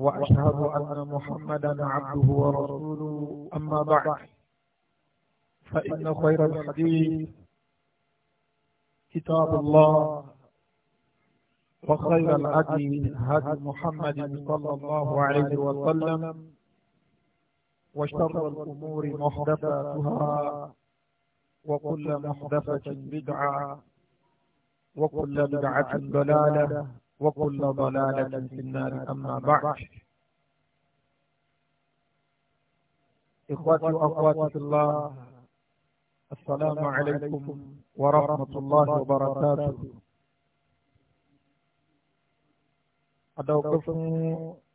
وأشهد أن محمدا عبده ورسوله أما بعد فإن خير الحديث كتاب الله وخير الهدي هدي محمد صلى الله عليه وسلم وشر الأمور محدثاتها وكل محدثة بدعة وكل بدعة ضلالة وكل ضلالة في النار أما بعد إخواتي وأخواتي في الله السلام عليكم ورحمة الله وبركاته أدعوكم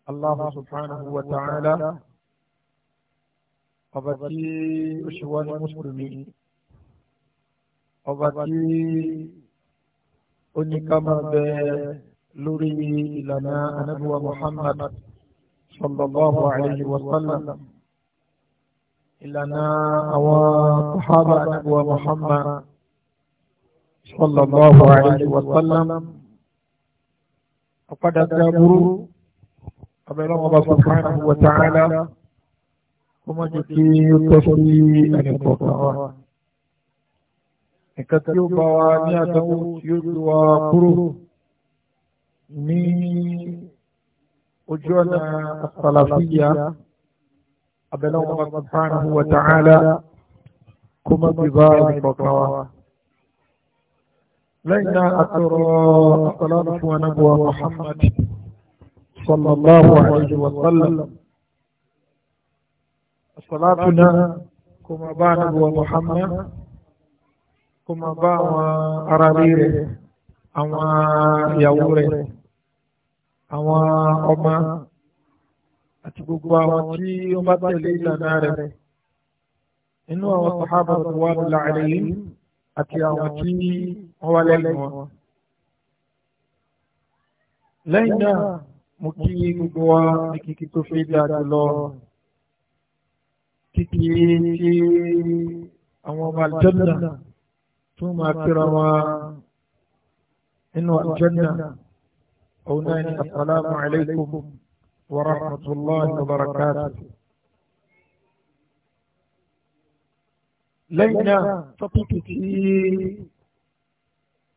الله سبحانه وتعالى أبتي أشوان المسلمين أبتي أني كما بيه لري لنا نبو محمد صلى الله عليه وسلم لنا أوى صحابة نبو محمد صلى الله عليه وسلم وقد أتابروا قبل الله سبحانه وتعالى وما جتي التشري أن كتبوا كثيرا وكثيرا وكثيرا ní ojú ọ̀nà asàlàfíà abẹ́lẹ́ ọmọ subhanahu wa ta'ala kó má bí bá ìkọ̀kan wa. lẹ́yìn náà àtọ̀rọ̀ asàlàfíà fún anábọ̀ Muhammad sallallahu alayhi wa sallam. Asàlàfíà kó má bá anábọ̀ Muhammad kó má bá àwọn aráàlú rẹ̀ àwọn ìyàwó àwọn ọmọ àti gbogbo àwọn tí ó bá tẹ̀lé ìlànà rẹ̀ inú àwọn sàhábà tó wà nílà àlẹ́yìn àti àwọn tí wọ́n wá lẹ́yìn wọn. lẹ́yìn náà mo kí gbogbo wa ní kíkí tó fi dáa jùlọ kíkí tí àwọn ọmọ àlùjànnà tó máa kíra wọn inú àlùjànnà. أولاني السلام عليكم ورحمة الله وبركاته لينا تطوكي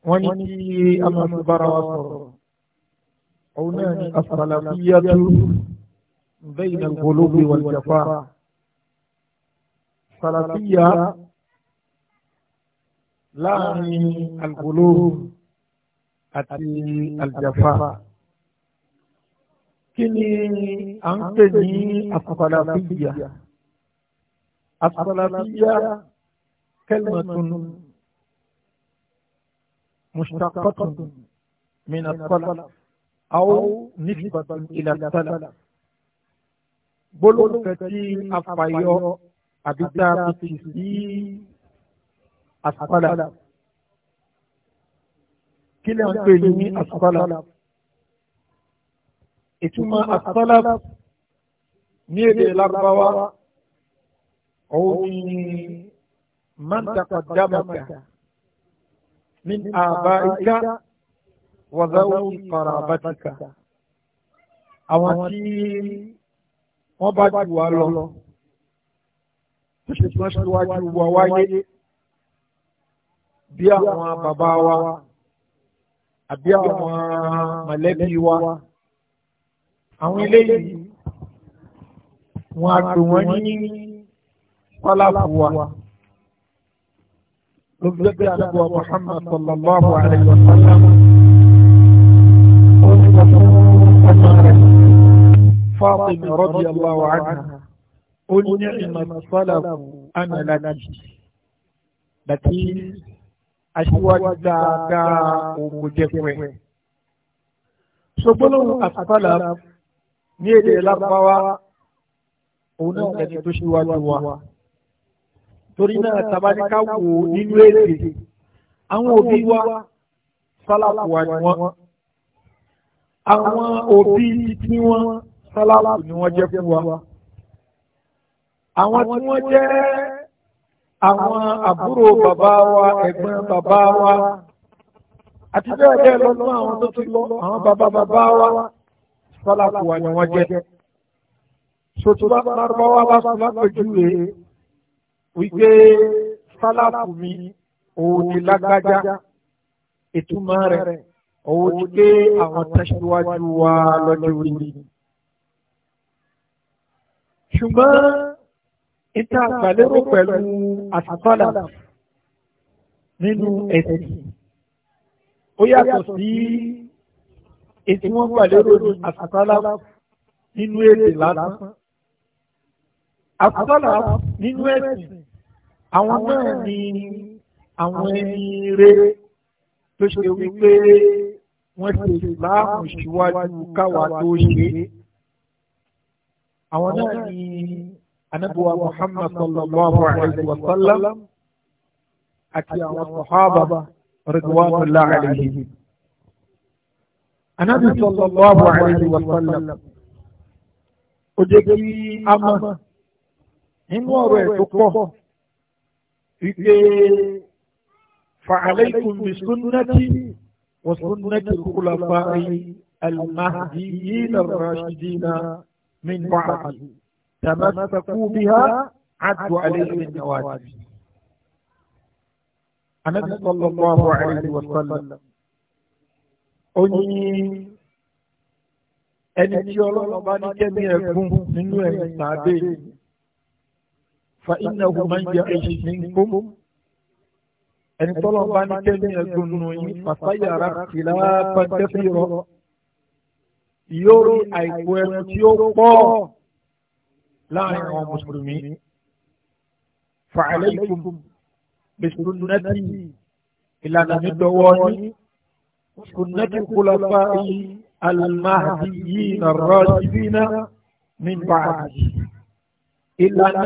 ونيكي أما مبارا وصر أولاني السلامية بين القلوب والجفاء سلامية لاني القلوب àti àlùjáfà. Kí ni à ń pè ní àfàlàfíyà? Àfàlàfíyà kalimatun mushtaqatun min as-salaf aw nisbatun ila as-salaf. Gbólóhùn kan tí a fàyọ àbí tá a sí as kí lè ń pè ní asọ́lá ìtumọ̀ asọ́lá ní èdè lárúbáwá òun ni mọ́ntàkọ̀ dábàkà ní àbá ìka wàzáwí kọ̀ràbátìkà àwọn tí wọ́n bá jù wá lọ tó ṣe tí wọ́n ṣe wájú wa wáyé bí àwọn bàbá wa àbí àwọn mọ̀lẹ́bí wa àwọn eléyìí wọn á pè wọ́n ní sálàfù wa ló fi gbé àdúgbò Muhammad sallallahu alayhi wa sallam ó ní wọ́n fún ọmọ ó ní ìmọ̀ sálàfù ánà láti. That aṣíwájú dáadáa oko jẹ́pẹ́. sọgbọ́nlọ́hún àtàkọ́là ní èdè lápáwá òun náà ẹni tó ṣíwájú wa. torí náà tabaníká wò nínú èdè àwọn òbí wa sálàpù wa ni wọ́n. àwọn òbí tí wọ́n sálàpù ni wọ́n jẹ́ fún wa. àwọn tí wọ́n jẹ́ àwọn àbúrò bàbá wa ẹ̀gbọ́n bàbá wa àti bẹ́ẹ̀ bẹ́ẹ̀ lọ lọ́wọ́ àwọn tó ti lọ àwọn bàbá bàbá wa sálàkù wà ní wọ́n jẹ́. sotuba lárúbáwá bá sọ lápẹjúwe wípé sálàkù mi òun ni lágbájá ìtumọ̀ rẹ̀ òun ni pé àwọn tẹ̀síwájú wa lọ́jọ́ orí. ṣùgbọ́n ìta àgbàlérò pẹ̀lú àtàkọ́là nínú ẹ̀sìn ó yàtọ̀ sí ètí wọ́n gbàlérò ní àtàkọ́là nínú èdè lásán àtàkọ́là nínú ẹ̀sìn àwọn náà ni àwọn ẹni rẹ tó ṣe wípé wọ́n ṣe ìsìláàmù síwájú káwa tó ṣe àwọn náà ni anabuwa muhammad sallallahu alayhi wa sallam àti àwọn sahaba ridwanullahi alayhi anabi sallallahu alayhi wa sallam ó jẹ́ kí a mọ̀ nínú ọ̀rọ̀ ẹ̀ tó pọ̀ wípé fa'alaykum bi sunnati wa sunnati al-khulafa'i al-mahdiyyin ar min ba'di. تمسكوا بها عدوا عليهم النوازل النبي صلى الله عليه وسلم ó ní ẹni tí ọlọ́run bá ní kẹ́mi ẹ̀gún nínú ẹ̀yìn sàádé fa innahu man ya'ish minkum ẹni tọ́lọ́run bá ní kẹ́mi ẹ̀gún nínú yìí fasayara ikhtilafan kathira yóò rí àìkú ẹnu tí ó pọ̀ láàrin àwọn mùsùlùmí fa'alaykum bisunnati ìlànà mi dọwọ́ yín sunnati khulafa'i al-mahdiyyin ar-rashidina min ba'di ìlànà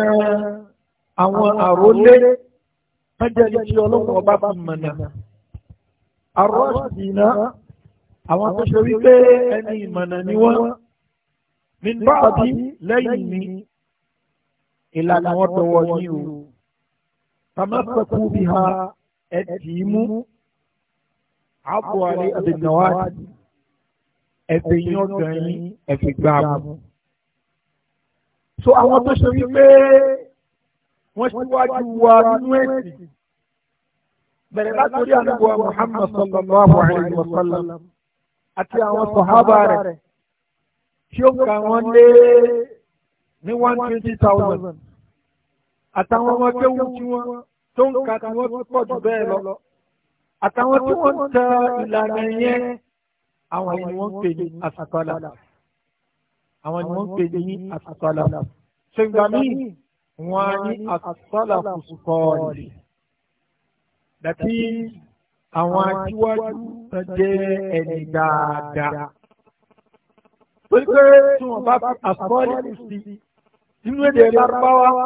àwọn àrólé májèlé tí ọlọ́wọ́ bá bá mọ̀nà ar-rashidina àwọn tó ṣe wípé ẹni ìmọ̀nà ni wọ́n min ba'di lẹ́yìn mi ìlànà wọn tọwọ́ yín o tamasaku biha ẹ tì í mú àbọ̀ àlẹ́ àbẹ̀nàwádìí yín ọ̀gàn yín gbà mú. so àwọn tó ṣe wípé wọ́n ṣíwájú wa nínú ẹ̀sìn bẹ̀rẹ̀ látòrí àdúgbò Muhammad sallallahu alayhi wa sallam àti àwọn sọ̀hábà rẹ̀ tí ó kà wọ́n lé ní one twenty thousand àtàwọn ọmọ kéwù tí wọ́n tó ń ka tí wọ́n pọ̀ jù bẹ́ẹ̀ lọ àtàwọn tí wọ́n ń tẹ ìlànà yẹn àwọn ni wọ́n ń pè ní àsàtọ́lá àwọn ni wọ́n ń pè ní àsàtọ́lá ṣèǹgbà míì á ní àsàtọ́lá kùsùkọ́ ọ̀lẹ̀ dàtí àwọn aṣíwájú jẹ́ ẹni dáadáa. pé pé tí wọ́n bá àsàtọ́lá kùsùkọ́ nínú èdè lárúbáwá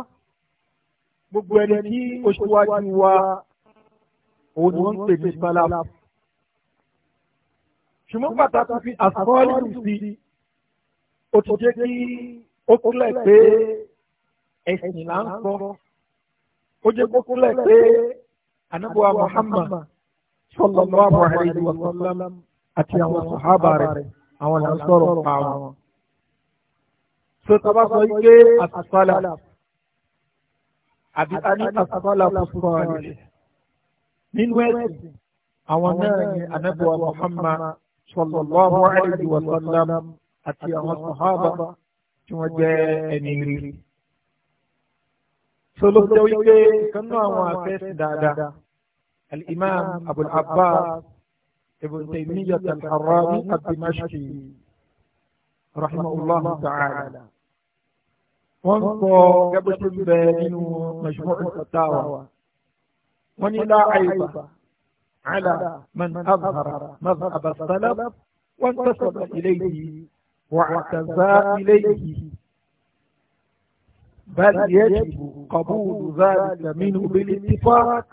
gbogbo ẹni tí ó ṣíwájú wa òun ni wọ́n ń pè ní salaf ṣùgbọ́n pàtàkì fi àsọ́ọ́lù sí ó ti jẹ́ kí ó kúlẹ̀ pé ẹ̀sìn là ń sọ ó jẹ́ kó kúlẹ̀ pé anábọ̀wá Muhammad sallallahu alaihi wa sallam àti àwọn sàhábà rẹ̀ àwọn là ń sọ̀rọ̀ pa wọn. tó tọ́ba sọ yí pé àtàkọ́lá àbí a ní àtàkọ́lá púpọ̀ rẹ̀ nínú ẹ̀sìn àwọn náà ni anábọ̀ Muhammad sallallahu alayhi wa sallam àti àwọn sàhábà tí wọ́n jẹ́ ẹni rí. sọlọ jẹ́ wípé kanú àwọn afẹ́sì dáadáa al-imam abul abbas ibn taymiyyah al-harrani ad-dimashqi rahimahullah ta'ala. wọ́n ń kọ gẹ́gẹ́ tó ń bẹ nínú majmu' al-fatawa wọ́n ní la ayba ala man azhara madhhab as-salaf wa intasaba ilayhi wa i'taza ilayhi بل يجب قبول ذلك منه بالاتفاق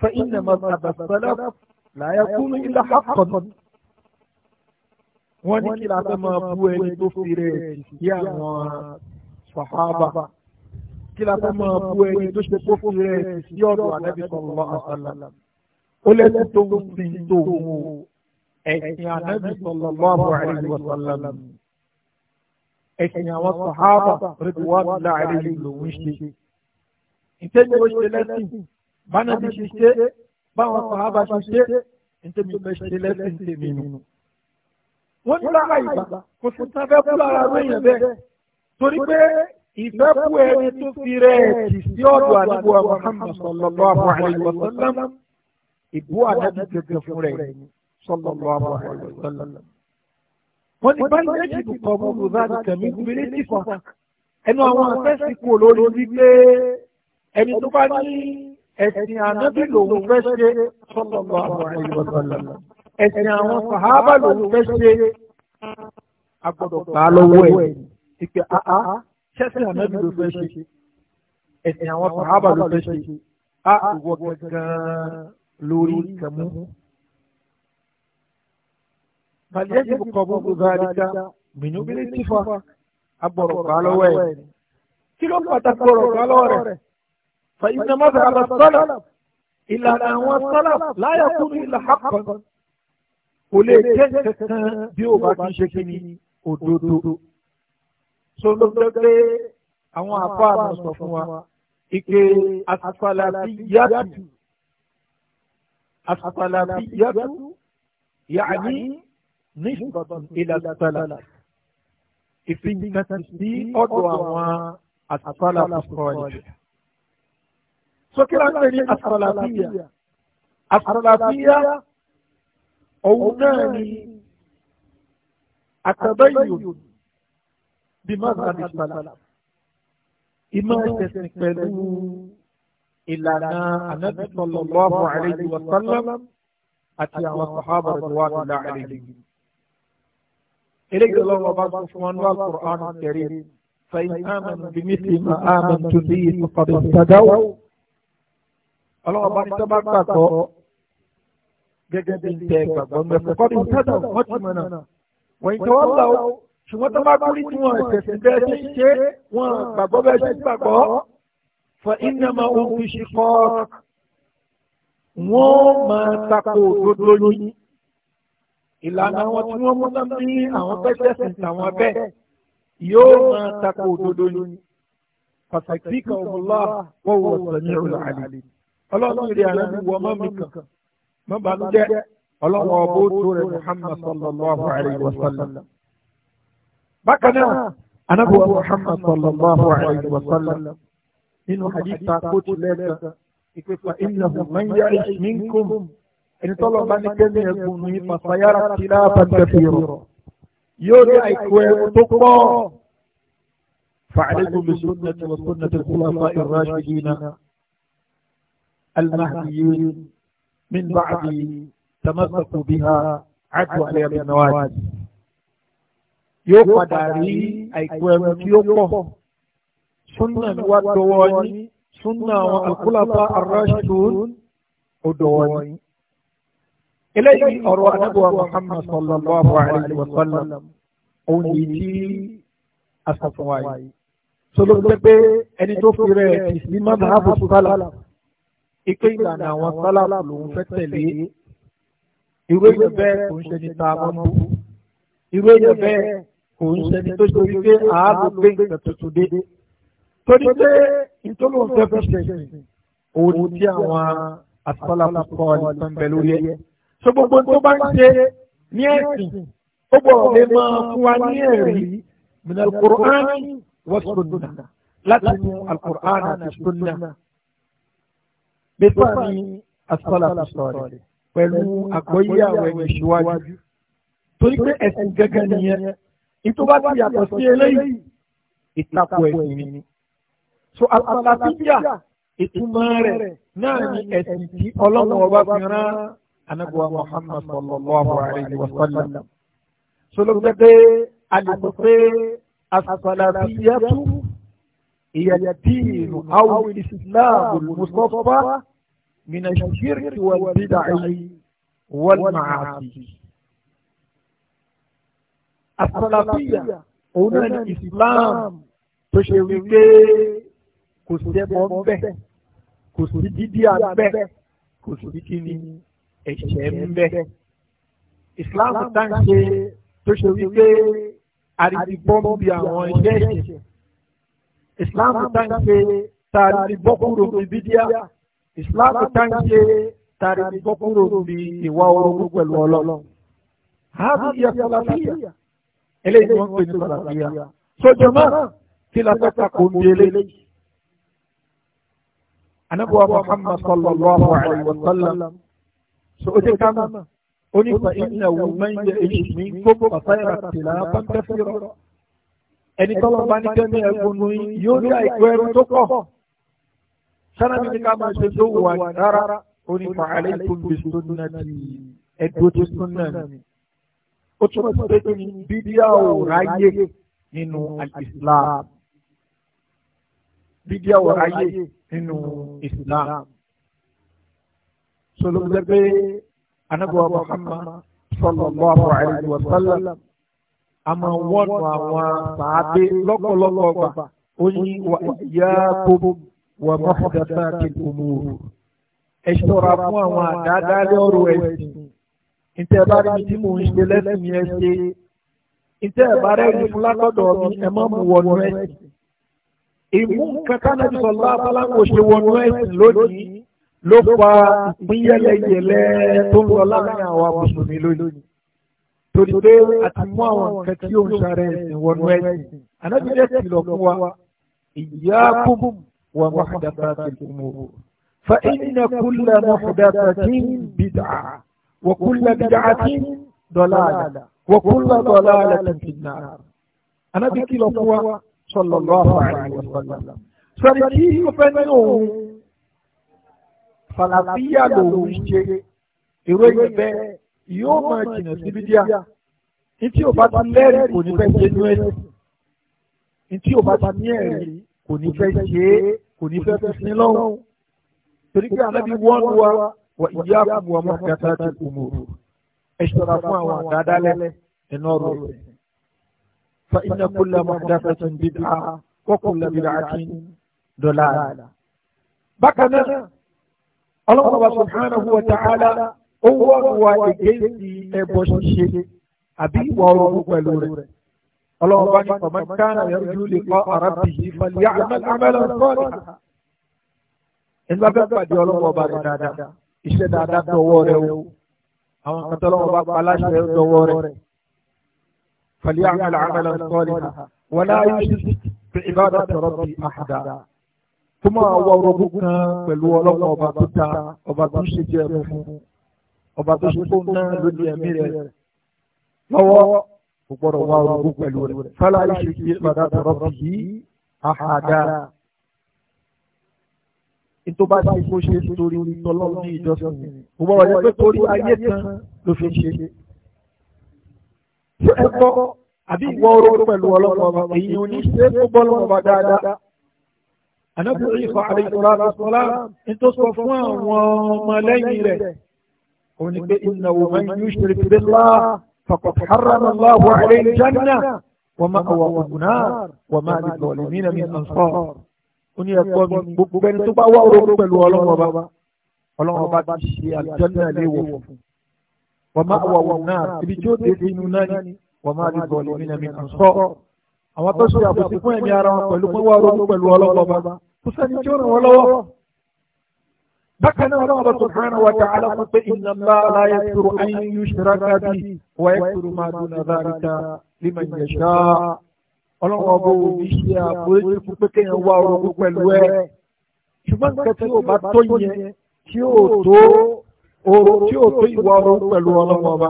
فإن مذهب السلف لا يكون إلا حقا wọ́n ní kí la fẹ́ máa bú ẹni tó fi rẹ̀ sí àwọn sàhábà kí la fẹ́ máa bú ẹni tó ṣe kó fún rẹ̀ sí ọ̀dọ̀ ànábì sallallahu alaihi wasallam ó lẹ́sìn tó ń sin tó ń ẹ̀sìn ànábì sallallahu alaihi wasallam ẹ̀sìn àwọn sàhábà ridwanullahi alaihim lòún ṣe. ìtẹ́jú ó ṣe lẹ́sìn bánàbí ṣe ṣe báwọn sàhábà ṣe ṣe ìtẹ́jú ó ṣe lẹ́sìn tèmi nù. wọ́n ní láàyè kò sí torí pé ìfẹ́kù ẹni tó fi rẹ̀ kì sí ọ̀dọ̀ àdúgbò Muhammad sallallahu alaihi wa sallam ìbú àdájú gẹ́gẹ́ fún rẹ̀ sallallahu alaihi wa sallam. wọ́n ní báyìí méjì kò kọ́ mú lù láti tẹ̀mí obìnrin tí kan ẹnu àwọn afẹ́sì kú olórí wípé ẹni tó bá ní ẹ̀sìn ànábì lòun fẹ́ ṣe sallallahu alaihi wa ẹ̀sìn àwọn sàhábà lòun fẹ́ ṣe agbọ́dọ̀ gbà lọ́wọ́ ẹ̀ ipe àá ṣẹ́sìn ànábì ló fẹ́ ṣe ẹ̀sìn àwọn sàhábà ló fẹ́ ṣe á ah, ah, ìwọ gangan lórí kẹmú. Màlẹ́sì kò kọ́ gbogbo gàdíkà mìnúbílẹ̀ tìfà agbọ̀rọ̀ lọ́wọ́ ẹ̀. Kí ló pàtàkì gbọ̀rọ̀ lọ́wọ́ rẹ̀? Fàyínà má bàa sọ́lá. Ìlànà àwọn sọ́lá láyà kúrú ìlà hàpọ̀. Kò lè jẹ́ kankan bí ó bá fi ṣe kí ni òdodo so ló fẹ́ pé àwọn àpá àmọ̀ sọ fún wa ike asfalafiyatu asfalafiyatu yaani nisbatan ila asfalaf ìfijigbẹ́sẹ̀ sí ọ̀dọ̀ àwọn asfalaf sọ̀rọ̀ sókèrè àgbẹ̀ ní asfalafiya asfalafiya òun náà ni àtàbẹ́yìn bí má bá bí sàlà. Ìmọ̀ ẹ̀sẹ̀sìn pẹ̀lú ìlànà ànábì sallallahu alayhi wa sallam àti àwọn sàhábà radiyallahu alayhim. إليك الله وبارك سبحانه والقرآن الكريم فإن آمنوا بمثل ما آمنت به فقد اهتدوا الله وبارك تبارك gẹ́gẹ́ bí n tẹ gbàgbọ́ mẹ́fẹ́ kọ́ni tẹ́tọ̀ wọ́n ti mọ̀ náà wọ́n ìtọ́wọ́ gbà ó ṣùgbọ́n tó bá kúrí tí wọ́n tẹ̀sí bẹ́ẹ̀ ṣe ń ṣe wọ́n gbàgbọ́ bẹ́ẹ̀ ṣe ń gbàgbọ́ fa innama hum fi shiqaq wọ́n máa tako òdodo yìí ìlànà àwọn tí wọ́n mú náà ní àwọn pẹ́sẹ́ sì tàwọn bẹ́ẹ̀ yóò máa tako òdodo yìí pàtàkì kan ọ̀la wọ́n wọ̀ sami'ul alim ọlọ́run ìrìn àná ni wọ́n mọ́ mi kàn mọ́ jẹ́ ọlọ́run ọ̀bọ̀ tó rẹ̀ Muhammad sallallahu alayhi wa sallam. بكنا نعم. انا ابو محمد صلى الله عليه وسلم من حديث تاكوت لك فانه من يعيش منكم ان طلب ان كان يكون فسيرى اختلافا كثيرا يوجع كويت تقوى فعليكم بسنة وسنة الخلفاء الراشدين المهديين من بعد تمسكوا بها عدوا عليها بالنواجذ yóò padà rí àìkú ẹrù tí ó pọ̀ súnà ni wàá dọwọ́ yín súnà àwọn àkúlàfà ar-rashidun ó dọwọ́ yín. eléyìí ọ̀rọ̀ anábọ̀ Muhammad sallallahu alayhi wa sallam òun yìí tí a sọ sọlọ́ pé pé ẹni tó fi rẹ̀ kì sí madhabu sálà ìpè ìlànà àwọn sálà lòun fẹ́ tẹ̀lé ìwé yẹn bẹ́ẹ̀ kò ń ṣe ní ta mọ́ bú ìwé yẹn bẹ́ẹ̀ kò ń ṣẹni tó ṣe wípé àábò gbé nǹkan tuntun dé torí pé ìtọ́lọ́wọ́n fẹ́ fẹ́ ṣẹ̀ṣẹ̀ òun tí àwọn asọ́lá púpọ̀ nìkan bẹ̀ lórí ẹ̀ so gbogbo tó bá ń ṣe ní ẹ̀sìn ó gbọ́dọ̀ lè máa fún wa ní ẹ̀rí minal Qur'an wa sunnah láti mú al-Qur'an àti sunnah bẹ́tọ́ ni asọ́lá púpọ̀ rẹ̀ pẹ̀lú àgbọ́yé àwọn ẹ̀yìn ìṣíwájú torí pé ẹ̀sìn gẹ́gẹ́ nìyẹn. Ìtò bá ti yàtọ̀ sí eléyìí, ìtakò ẹ̀sìn ni. So àtàlàfíà ìtumọ̀ rẹ̀ náà ni ẹ̀sìn tí ọlọ́run ọba fi rán anábùwà Muhammad sallallahu alayhi wa sallam. Solomon pé alùpùpù pé àtàlàfíà tú ìyà dìínù àwọn ìsìláàmù Mustapha min ash-shirki wal bid'ah wal ma'asi àsàlàfíà òun náà ní islam tó ṣe wípé kò sí ẹbọ ńbẹ kò sí dídí àgbẹ kò sí kíni ẹ̀ṣẹ̀ ńbẹ islam tá ń ṣe tó ṣe wípé àrídì bọ́m̀bì àwọn ẹ̀ṣẹ̀ ẹ̀ṣẹ̀ islam tá ń ṣe tààrí bọ́kúrò bíi bídíà islam tá ń ṣe tààrí bọ́kúrò bíi ìwà orogún pẹ̀lú ọlọ́run. هذه هي السلفية eléyìí tí wọ́n ń pè ní sàlàfíà sójú mọ́ kí la fẹ́ ta kò ń di eléyìí. anabuwa muhammad sallallahu alayhi wa sallam so o jẹ kama o ní fa iná wo man yẹ èyí ní gbogbo fasayara tìlà pàǹtẹ́fìrọ ẹni tọ́lọ́ bá ní kẹ́mi ẹ̀gbọ́n nù yóò ní àìkú ẹrú tó kọ̀ sanadi ní ká máa ṣe tó wà rárá o ní fa alaykum sunnati ẹ̀dùn tó sunna ó túnbọ̀ sí pé kí ni bídíà ò ráyè nínú islam bídíà ò ráyè nínú islam solomon pé anabuwa muhammad sallallahu alayhi wa sallam a máa wọ́nù àwọn sàábé lọ́pọ̀lọpọ̀ gbà ó ní wa iyyakum wa muhdathatil umur ẹ ṣọ́ra fún àwọn àdáadáa lọ́rọ̀ ẹ̀sìn ìtẹ́ bá rí mi tí mò ń ṣe lẹ́sìn yẹn ṣe ìtẹ́ bá rẹ́ mi fún látọ̀dọ̀ mi ẹ má mú wọnú ẹ̀sìn. ìmú nǹkan kánàbí sọ̀lá abáláwo ṣe wọnú ẹ̀sìn lónìí ló fa ìpínyẹlẹyẹlẹ tó ń lọ láàrin àwa mùsùlùmí lónìí. torí pé a mú àwọn nǹkan tí òun ṣàrẹ ẹ̀sìn wọnú ẹ̀sìn. ànábi jẹ́ kìlọ̀ fún wa iyyakum wa muhdathatil umur fa inna kulla muhdathatin bid'ah. وكل بدعة ضلالة وكل ضلالة في النار أنا بكي لطوة صلى الله عليه وسلم سنتي فنو فلافيا لو ويشي ìròyìn bẹ yóò máa jìnnà síbi díà ntí o bá ti lẹ́rìí kò ní fẹ́ ṣe ní ẹ̀rí ntí o bá ti ní ẹ̀rí kò ní fẹ́ ṣe é kò ní fẹ́ fi sin lọ́wọ́ torí pé ànábi wọ́n lu wa wọ ìyá kùn wọn mọ́kàtà ti kù mọ́ ẹ ṣọ́ra fún àwọn àdádálẹ̀ ẹ̀nà ọ̀rọ̀ rẹ̀. fa inna kulla muhdathatin bid'a wa kulla bid'atin dalalah. bákan náà ọlọ́run ọba subhanahu wa ta'ala ó wọ́n wa ìgbésí ẹbọ ṣíṣe àbí ìwà ọ̀rọ̀ pẹ̀lú rẹ̀. ọlọ́run bá ní faman kana yarju liqa'a rabbihi falya'mal 'amalan salihan. ẹni bá fẹ́ pàdé ọlọ́run ọba rẹ̀ dáadáa iṣẹ́ dáadáa dọwọ́ rẹ o àwọn kan tó lọ́wọ́ bá pa aláṣẹ dọwọ́ rẹ fàlíà àmàlà àmàlà sọ́ọ̀lìhà wọn náà yóò ṣe fi ìbáàdà tọrọ bí àhàdà tó máa wá kan pẹ̀lú ọlọ́pàá ọba tó ta ọba tó ṣe jẹ́ ẹ̀mú fún ọba tó ṣe fóun náà lónìí ẹ̀mí rẹ lọ́wọ́ kò gbọ́dọ̀ wá orogún pẹ̀lú rẹ fàlíà yóò ṣe fi ìbáàdà tọrọ bí àhàdà tó bá ti kó ṣe torí tọ́lọ́run ní ìjọsìn kò gbọ́dọ̀ jẹ́ pé torí ayé kan ló fi ṣe. ṣé ẹ kọ́ àbí ìwọ oró pẹ̀lú ọlọ́pàá ọba èyí ò ní ṣe kó bọ́ lọ́wọ́ ọba dáadáa. ànábì ìfọ̀ àdìsọ́lá lọ́sọ́lá ní tó sọ fún àwọn ọmọ lẹ́yìn rẹ̀ òun ni pé inna man yushrik billah faqad harrama Allahu alayhi al-jannah wa ma'wahu an-nar wa ma lil-zalimina min ansar ó ní ẹ̀kọ́ mi gbogbo ẹni tó bá wá orogún pẹ̀lú ọlọ́run ọba ọlọ́run ọba ti ṣe àjọ náà léwọ̀ fún wọ́n máa wọ̀ wọ̀ náà ibi tí ó dé inú náà ni wọ́n máa ní bọ̀ọ̀lù nínú ẹ̀mí kan sọ. àwọn tó ṣe àbòsí fún ẹ̀mí ara wọn pẹ̀lú pé wá orogún pẹ̀lú ọlọ́run ọba kò sẹ́ni tí ó ràn wọ́n lọ́wọ́. bákan náà ọlọ́run ọba subhanahu wa ta'ala sọ pé inna Allaha la yaghfiru an yushraka bihi wa ọlọ́run ọba òbí ṣe àforíjì fún pé kéèyàn wá orogún pẹ̀lú ẹ ṣùgbọ́n nǹkan tí ò bá tó yẹn tí ò tó oró tí ò tó ìwà orogún pẹ̀lú ọlọ́run ọba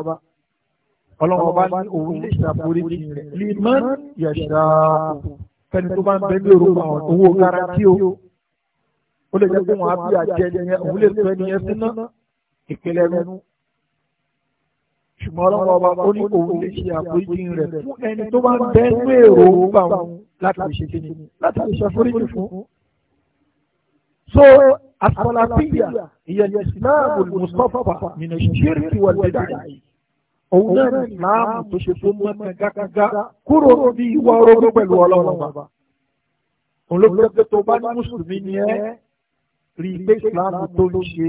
ọlọ́run ọba ní òun lè ṣàforíjì rẹ̀ lèmọ́ yẹ̀ṣà fẹni tó bá ń bẹ ní orogún àwọn owó garanti o ó lè jẹ́ pé wọ́n á bí àjẹ́ yẹn òun lè fẹ́ ni ẹ sínú ìpínlẹ̀ rẹ̀ ṣùgbọ́n ọlọ́run ọba ó ní òun lè ṣe àforíjì rẹ̀ fún ẹni tó bá ń bẹ́nu èrò ògbà wọn láti lè ṣe kíni láti lè ṣe àforíjì fún. so asalafiya ìyẹn islam mustapha nínú ṣíṣírìkì wà lẹ́dàá òun náà islam tó ṣe fún mọ́tàn gágagá kúrò bí ìwà orogún pẹ̀lú ọlọ́run ọba. òun ló gbẹ́gbẹ́ tó bá ní mùsùlùmí ni ẹ́ rí i pé islam tó ń ṣe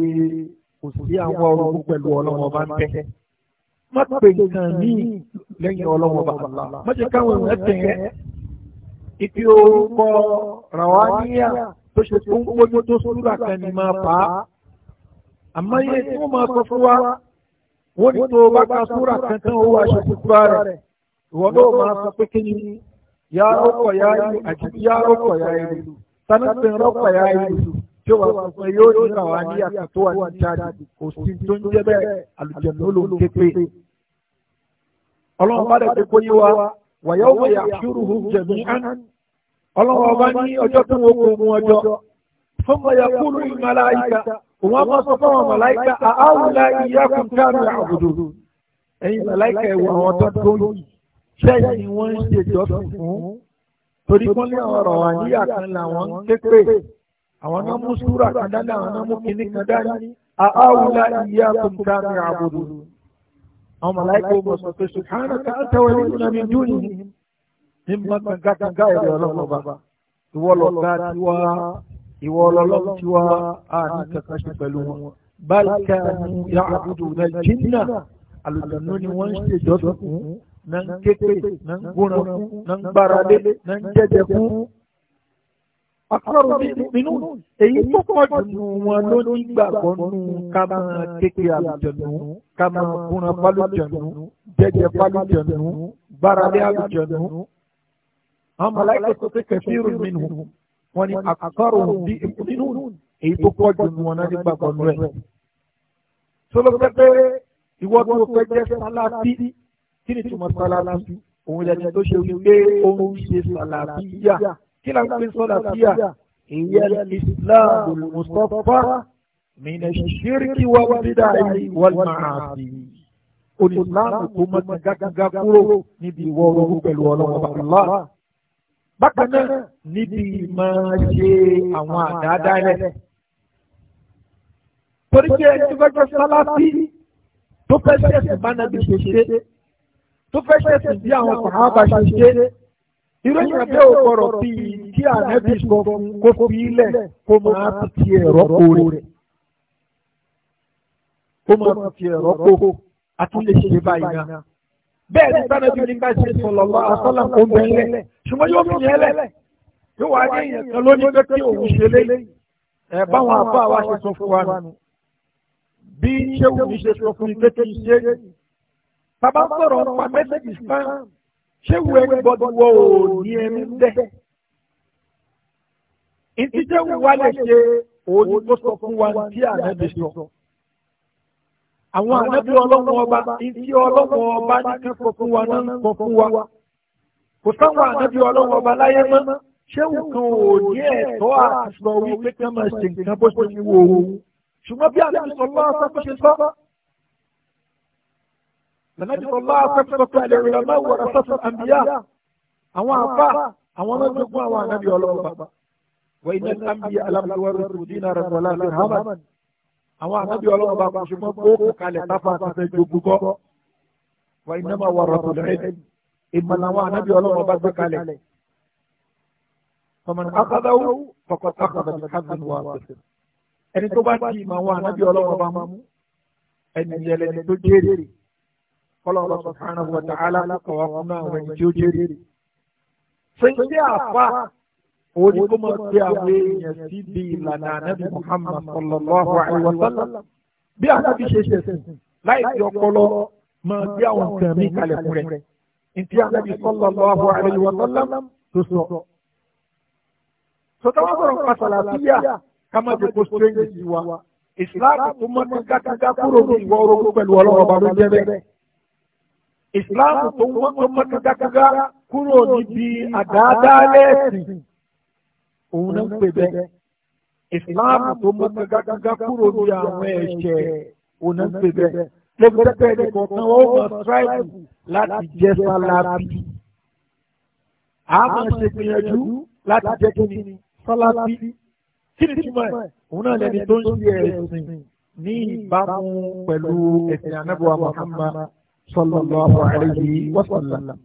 kò sí àwọn orogún pẹ̀lú ọlọ́run ọba ń tẹ́ má pè nǹkan míì lẹ́yìn ọlọ́wọ́ bá Allah má jẹ́ káwọn èèyàn tẹ̀ ẹ́ ibi orúkọ ràwáníyà tó ṣe tó ń gbójú tó sódúrà kan ní máa fà á àmọ́ iye tí wọ́n máa sọ fún wa wọ́n ní tó bá ka súrà kan tán owó aṣọ kúkúrá rẹ̀ ìwọ náà máa sọ pé kí ni yá ọkọ̀ yá ìlú àti yá ọkọ̀ yá ìlú tani pè ń ìlú tí ó wà fún pé yóò ní àwọn àníyàn tó wà ní jáde kò sí tó ń jẹ́ bẹ́ẹ̀ àlùjẹ̀nù ló ń ké pé. ọlọ́run bá dẹ̀ pé kó yé wa wàyà owó yà ṣúrùhù jẹ̀mí án. ọlọ́run ọba ní ọjọ́ tó ń wọ́pọ̀ ogun ọjọ́. fún ọyà kúrú ìmàláyíkà òun á máa sọ fún àwọn màláyíkà àáwùlá ìyá kùn káàmì àbùdù. ẹ̀yin màláyíkà ẹ̀wọ̀ àwọn tó tó yìí ṣẹ́yìn ni wọ́n ń ṣèjọ́sìn fún torí kọ́lé àwọn ọ̀rọ̀ àníyàn kan làwọn ń àwọn náà mú súrà kan dání àwọn náà mú kinní kan dání àáwùlá ìyá kùnkà ní àbùdù àwọn màláìkà ọmọ sọ pé ṣùgbọ́n ká tẹ́wọ́ ní ìlànà ìjú yìí ní mọ́ kàǹkà kàǹkà ìrẹ̀ ọlọ́run bàbá ìwọ lọ́gá tiwa ìwọ ọlọ́run tiwa á ní kankan ṣe pẹ̀lú wọn báyìí ká ní ìyá àbùdù náà jìnnà àlùjànnú ni wọ́n ń ṣèjọ́ fún náà ń kékeré náà ń gbóná fún náà ń gbára lé náà ń jẹ́jẹ́ fún akọrọ nínú èyí tó pọ̀ jù wọn ló nígbàgbọ́ nù ká máa kékeré àlùjọ̀nù ká máa búra bálùjọ̀nù jẹjẹ bálùjọ̀nù gbáralé àlùjọ̀nù. àwọn mọ̀láìkà tó ṣe kẹfìrù nínú wọn ni akọrọ nínú èyí tó pọ̀ jù wọn náà nígbàgbọ́ nù ẹ̀. sọlọ́pẹ́ pé ìwọ tó fẹ́ jẹ́ sálábí kí ni túmọ̀ sálábí òun lẹ́ni tó ṣe wípé ó ń ṣe sálábí yá kí la gbé sọ́lá bíyà ìyẹn islam mustapha mina ṣíríkì wà bídà yìí wàlúmà àti olùsìláàmù tó mọ ti gágagá kúrò níbi ìwọ orogún pẹ̀lú ọlọ́wọ́ bàbá bákan náà níbi máa ṣe àwọn àdáadáa rẹ̀ torí pé ẹni tó fẹ́ jẹ́ sáláfí tó fẹ́ ṣẹ̀sìn bá nàbí ṣe ṣe tó fẹ́ ṣẹ̀sìn bí àwọn kòhábà ṣe ṣe irú èèyàn bẹ́ẹ̀ ò gbọ́dọ̀ bí kí ànábì sọ fún kó fi ilẹ̀ kó máa fi ti ẹ̀rọ po rẹ̀ kó máa fi ti ẹ̀rọ po àti lè ṣe báyìí náà. bẹ́ẹ̀ ni sánájú ní ká ṣe sọ̀lọ̀ lọ asọ́là kó ń bẹ̀lẹ̀ ṣùgbọ́n yóò fi yẹn yóò wá ní èèyàn kan lónìí pé kí òun ṣe léyìí ẹ̀ báwọn àbá wa ṣe sọ fún wa nù bí ṣéwù ní ṣe sọ fún mi pé kí n bàbá sọ̀rọ̀ nípa mẹ́sẹ̀gì sáà ṣé wo ẹgbọ́dọ̀ wo ò ní ẹni bẹ́ẹ̀. ìtìjẹ́ wa lè ṣe òní tó sọ fún wa tí ànábì sọ. àwọn ànábì ọlọ́wọ́ ọba ìtì ọlọ́wọ́ ọba nìkan sọ fún wa náà sọ fún wa. kò sáwọn ànábì ọlọ́wọ́ ọba láyé mọ́ ṣé nǹkan ò ní ẹ̀tọ́ àti sọ wípé kí wọ́n máa ṣe nǹkan bó ṣe ń wo òun. ṣùgbọ́n bí ànábì sọ lọ́wọ́ sọ nàbẹ́bí sọ bá afẹ́fẹ́fẹ́ alẹ́ rẹ̀ náà wọ̀rọ̀ sọ́sọ́ àbíyá àwọn àfa àwọn ọlọ́jọ́gbọ́n àwọn ànábì ọlọ́ọ̀bá wọ iná àbíyá alámọ̀lẹ́wọ̀rọ̀ sùdí náà rẹ̀ wọlé àti hamad àwọn ànábì ọlọ́ọ̀bá kò ṣùgbọ́n gbóòkù kalẹ̀ táfà àtàfẹ́ jogun kọ́ wọ iná máa wọ̀rọ̀ sùdí ìmọ̀ làwọn ànábì ọlọ́ọ̀bá gbé kalẹ̀ فمن أخذه فقد أخذ بحظ وافر ẹni tó bá di ìmọ̀ àwọn ànábì ọlọ́wọ́ bá mú ẹni yẹlẹ ni tó jèrè kọlọ́ọ̀bà subhanahu wa ta'ala kọ̀wá fún àwọn ẹni tí ó jẹ́rè. Sèǹdé àfa òun ni kó máa gbé àwọn èèyàn síbi ìlànà ànábì Muhammad sallallahu alayhi wa sallam. Bí ànábì ṣe ṣe láì fi ọpọlọ máa gbé àwọn nǹkan mi kalẹ̀ fún rẹ̀. Ntí ànábì sallallahu alayhi wa sallam tó sọ. Sọ̀tọ́ sọ̀rọ̀ nípa sàlàfíà ká má jẹ́ kó sẹ́yìn sí wa. Ìsìláàmù tó mọ́ ìsìláàmù tó wọ́n tó mọ́ kágákágá kúrò níbi àdáadáalẹ́sìn òun náà ń pè bẹ́ẹ̀. ìsìláàmù tó mọ́ kágákágá kúrò níbi àwọn ẹ̀ṣẹ̀ òun náà ń pè bẹ́ẹ̀. lẹ́gbẹ̀ẹ́gbẹ́ ẹni kọ̀ọ̀kan ó mọ̀ tíráìbù láti jẹ́ sálábì. a máa ṣe gbìyànjú láti jẹ́ kí ni sálábì. kí ni túmọ̀ ẹ̀ òun náà lẹni tó ń ṣe ẹ̀sìn ní ìbámu pẹ̀lú ẹ̀sìn ànábọ̀ Muhammad sallallahu alayhi wa sallam.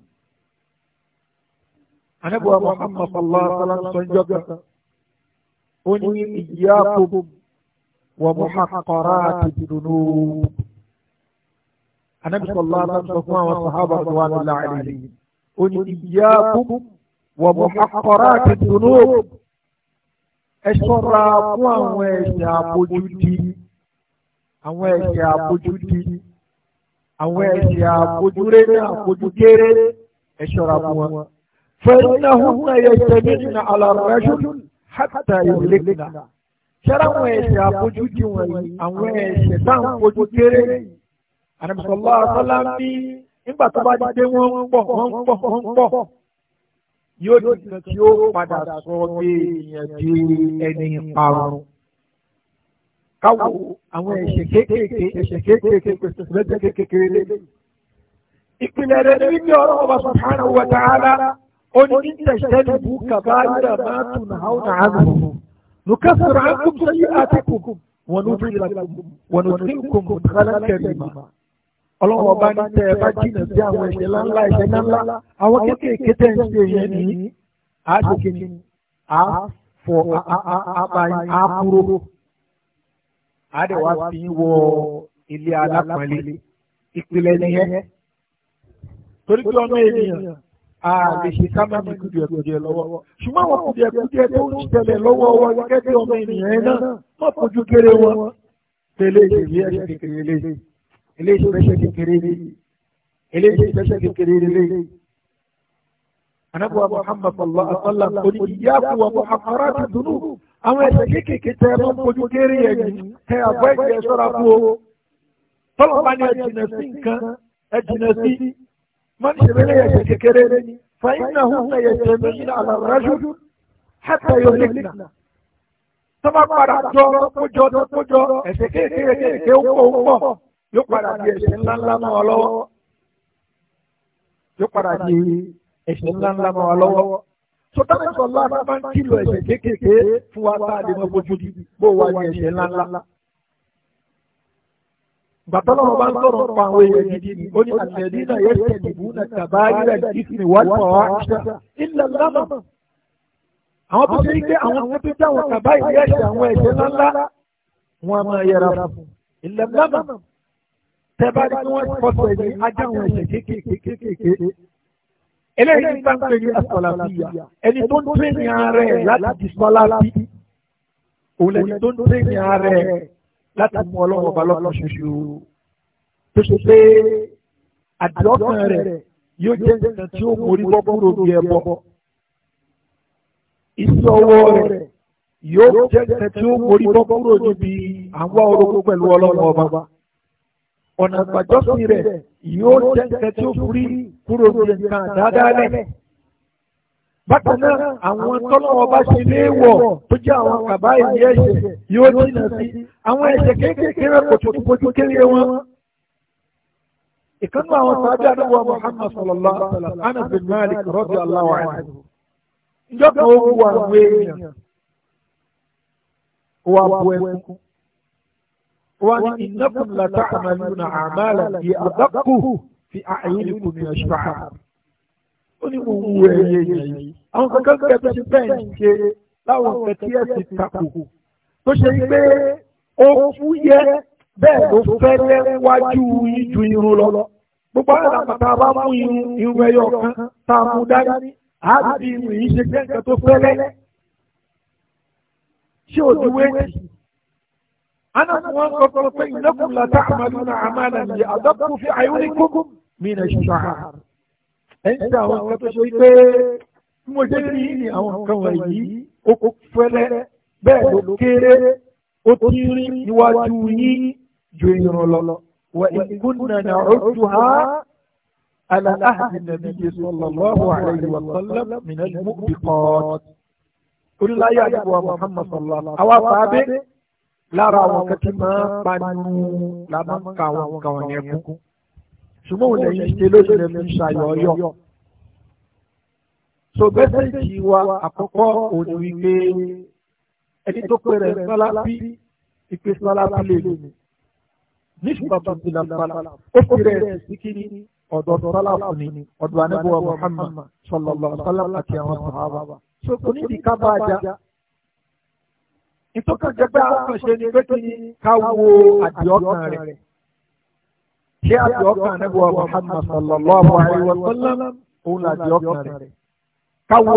anabuwa muhammad sallallahu alayhi wa sallam sọ jọba ó ní iyyakum wa muhaqqarati dunub. anabi sallallahu alayhi wa sallam sọ fún àwọn sahaba radwanullahi alayhim ó ní iyyakum wa muhaqqarati dunub ẹ ṣọ́ra fún àwọn ẹ̀ṣẹ̀ àbójútì àwọn ẹ̀ṣẹ̀ àbójútì. àwọn ẹ̀sìn àfojúré ní àfojúkéré ẹ ṣọ́ra fún wọn. فإنهن na على الرجل ya يهلكن ṣẹ́ra àwọn ẹ̀ṣẹ̀ àfojúdi wọ̀nyí àwọn ẹ̀ṣẹ̀ táwọn fojú kéré àdàbùsọ̀lá àtọ́lá ń nígbà tó bá dé wọ́n ń pọ̀ wọ́n ń pọ̀ wọ́n ń pọ̀ yóò dìgbà káwo àwọn ẹ̀ṣẹ̀ kéékèèké ẹ̀ṣẹ̀ kéékèèké pèsè lẹ́jẹ̀ kékeré lé. ìpìlẹ̀ rẹ̀ ní ní ọ̀rọ̀ ọba subhanahu wa ta'ala ó ní tẹ̀sẹ̀lì bú kàbá yíra máa tún náà ó náà nù. nùkẹ́ sọ̀rọ̀ á kún sẹ́yìn àtẹ̀kù wọn ò tún wọn ò tún kùn kùn kálá kẹrì mà. ọlọ́run ọba ní tẹ́ ẹ bá jìnà sí àwọn ẹ̀ṣẹ̀ ńláńlá ẹ̀ṣẹ̀ ńláńlá àwọn kéékèèké tẹ̀ àádẹ wá fi wọ ilé alápọ̀nlé ìpìlẹ̀ nìyẹn torí pé ọmọ ènìyàn a lè ṣe kámẹ́rì kùdìẹ̀kùdìẹ̀ lọ́wọ́ ṣùgbọ́n àwọn kùdìẹ̀kùdìẹ̀ tó ń ṣẹlẹ̀ lọ́wọ́ wọn gẹ́gẹ́ bí ọmọ ènìyàn náà wọ́n fojú kéré wọn tẹ́lẹ̀ ìṣèlú ẹ̀ṣẹ̀ kékeré lé ilé ìṣẹ̀ṣẹ̀ kékeré lé ilé ìṣẹ̀ṣẹ̀ kékeré lé. anábọ̀ Muhammad sallallahu alaihi wa sallam oníyàwó àwọn afárá ti dùnú àwọn ẹ̀ṣẹ̀ kéékèèké tẹ́ ẹ máa ń bójú kéré yẹn ni ẹ àbọ̀ ẹ̀jẹ̀ sọ́ra fún o tọ́lọ̀ bá ní ẹ̀jìnà sí nǹkan ẹ̀jìnà sí máa ń kékeré ni fàyínà àlàrájú hẹ́tẹ̀ yóò tọ́ba padà jọ kójọ kójọ kéékèèké ó pọ̀ yóò padà di ńláńlá mọ́ ọ sọtara sọlá bá ń kìlọ̀ ẹ̀ṣẹ̀ kéékèèké fún wa bá a lè mọ fojú di bó wa ní ẹ̀ṣẹ̀ ńláńlá. Bàtọ́lọ́wọ́ bá ń sọ̀rọ̀ pa àwọn èèyàn gidi ni ó ní àtẹ̀lé náà yẹ ṣẹ̀ nìbú náà tàbá ilẹ̀ ìsìn ìwádìí ọ̀hún ilẹ̀ lábà. Àwọn tó ṣe pé àwọn tó tó jáwọn tàbá ilé àwọn ẹ̀ṣẹ̀ ńláńlá wọn a máa yẹra fún. Ilẹ̀ lábà eléyìí bá ń pè ní asọ̀làbíyà ẹni tó ń tún ènìyàn rẹ̀ láti di sọ́lábí òun lẹni tó ń tún ènìyàn rẹ̀ láti mú ọlọ́run ọba lọ́kàn ṣoṣo tó ṣe pé àdìọ́kàn rẹ̀ yóò jẹ́ nǹkan tí ó mórí bọ́ kúrò bí ẹbọ iṣẹ́ ọwọ́ rẹ̀ yóò jẹ́ nǹkan tí ó mórí bọ́ níbi àwọn orogún pẹ̀lú ọlọ́run ọba ọ̀nà àgbàjọ́sìn rẹ̀ yóò jẹ́ nǹkan tí ó forí kúrò ní nǹkan àdáadáalẹ̀. bákan náà àwọn tọ́lọ́ ọba ṣe léèwọ̀ tó jẹ́ àwọn kàbá ìwé ẹ̀ṣẹ̀ yóò jìnà sí àwọn ẹ̀ṣẹ̀ kéékèèké kò tó fojú kéré wọn. ìkànnì àwọn sáájú àdúgbò Muhammad sallallahu alaihi wa sallam Anas bin Malik radiyallahu anhu. ìjọba ó wù àwọn èèyàn ó wà wọ́n ní ìnákùn látà àmàlùnà àmàlà yìí àbákù fi àyíní kù ní ọ̀ṣọ́ àrà. ó ní mo wù ẹ́ yẹ yìí. àwọn kankan kẹfẹ ti bẹ́ẹ̀ ń ṣe láwọn kẹtí ẹ̀sìn takò tó ṣe pé ó fúyẹ́ bẹ́ẹ̀ ló fẹ́lẹ́ wájú yín irun lọ. gbogbo àwọn àpàtà bá mú irun irun ẹyọ kan tá a mú dání àbí irun yìí ṣe jẹ́ nǹkan tó fẹ́lẹ́. ṣé òdiwẹ́ẹ̀tì أنا أقول قطرت إنكم لا تعملون أعمالا لأدق في عيونكم من الشعر أنت وقت شيء مجرين أو كوي أكفل بأدكر أطيري واتوني جوين الله وإن كنا نعدها على أهل النبي صلى الله عليه وسلم من المؤبقات قل لا يعجب محمد صلى الله عليه وسلم lára àwọn kan máa ń panu la máa ń ka àwọn kan wọ̀nyẹn kú. ṣùgbọ́n òun lẹ́yìn ṣe lóṣù lè fi ṣàyọ̀ ọyọ́. so mẹ́sẹ̀jì wa àkọ́kọ́ òní wípé ẹni tó pè rẹ̀ sálábí ìpè sálábí lè lè nísìbàbà ti la sálà ó fi rẹ̀ sí kíní ọ̀dọ̀ sálàfù ni ọ̀dọ̀ anábọ̀ Muhammad sallallahu alaihi wasallam àti àwọn sàhábà. so kò ní ìdíkà bá a já ìtọ́ka jẹgbẹ́ àkọ́kàn ṣe ni pé kí ni ṣé Muhammad sallallahu alaihi wa sallam òun làdìọ́kàn rẹ̀. ká wo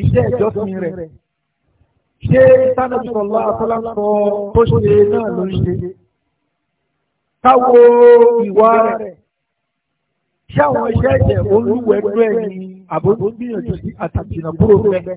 iṣẹ́ ìjọsìn rẹ̀. ṣé sanabi sallallahu alaihi wa sallam sọ tó ṣe náà ló ń ṣe. ká àwọn iṣẹ́ ìjẹ̀ olúwẹ̀ẹ́dúwẹ̀ ni àbójútó gbìyànjú sí àtàjìnà kúrò fẹ́.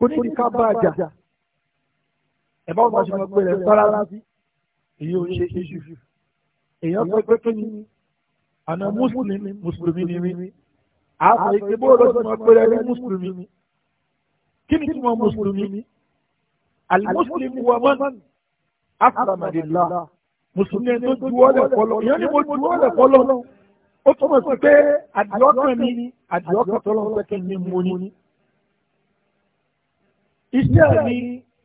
kó ní ká bá a jà ẹ bá wọn bá ṣe máa pè rẹ tọ́lá láti èyí ò ṣe iṣu èyàn sọ pé kí ni àná mùsùlùmí ni mí a sọ pé bó lọ sí máa pè rẹ ní mùsùlùmí kí ni tí wọn mùsùlùmí alimusulimu wa man asamadila mùsùlùmí tó juwọ́ lẹ̀ fọlọ́ ìyẹn ni mo juwọ́ lẹ̀ fọlọ́ ó túmọ̀ sí pé àdìọ́kàn mi àdìọ́kàn tọ́lọ́ fẹ́ kí n ní mo ní iṣẹ́ mi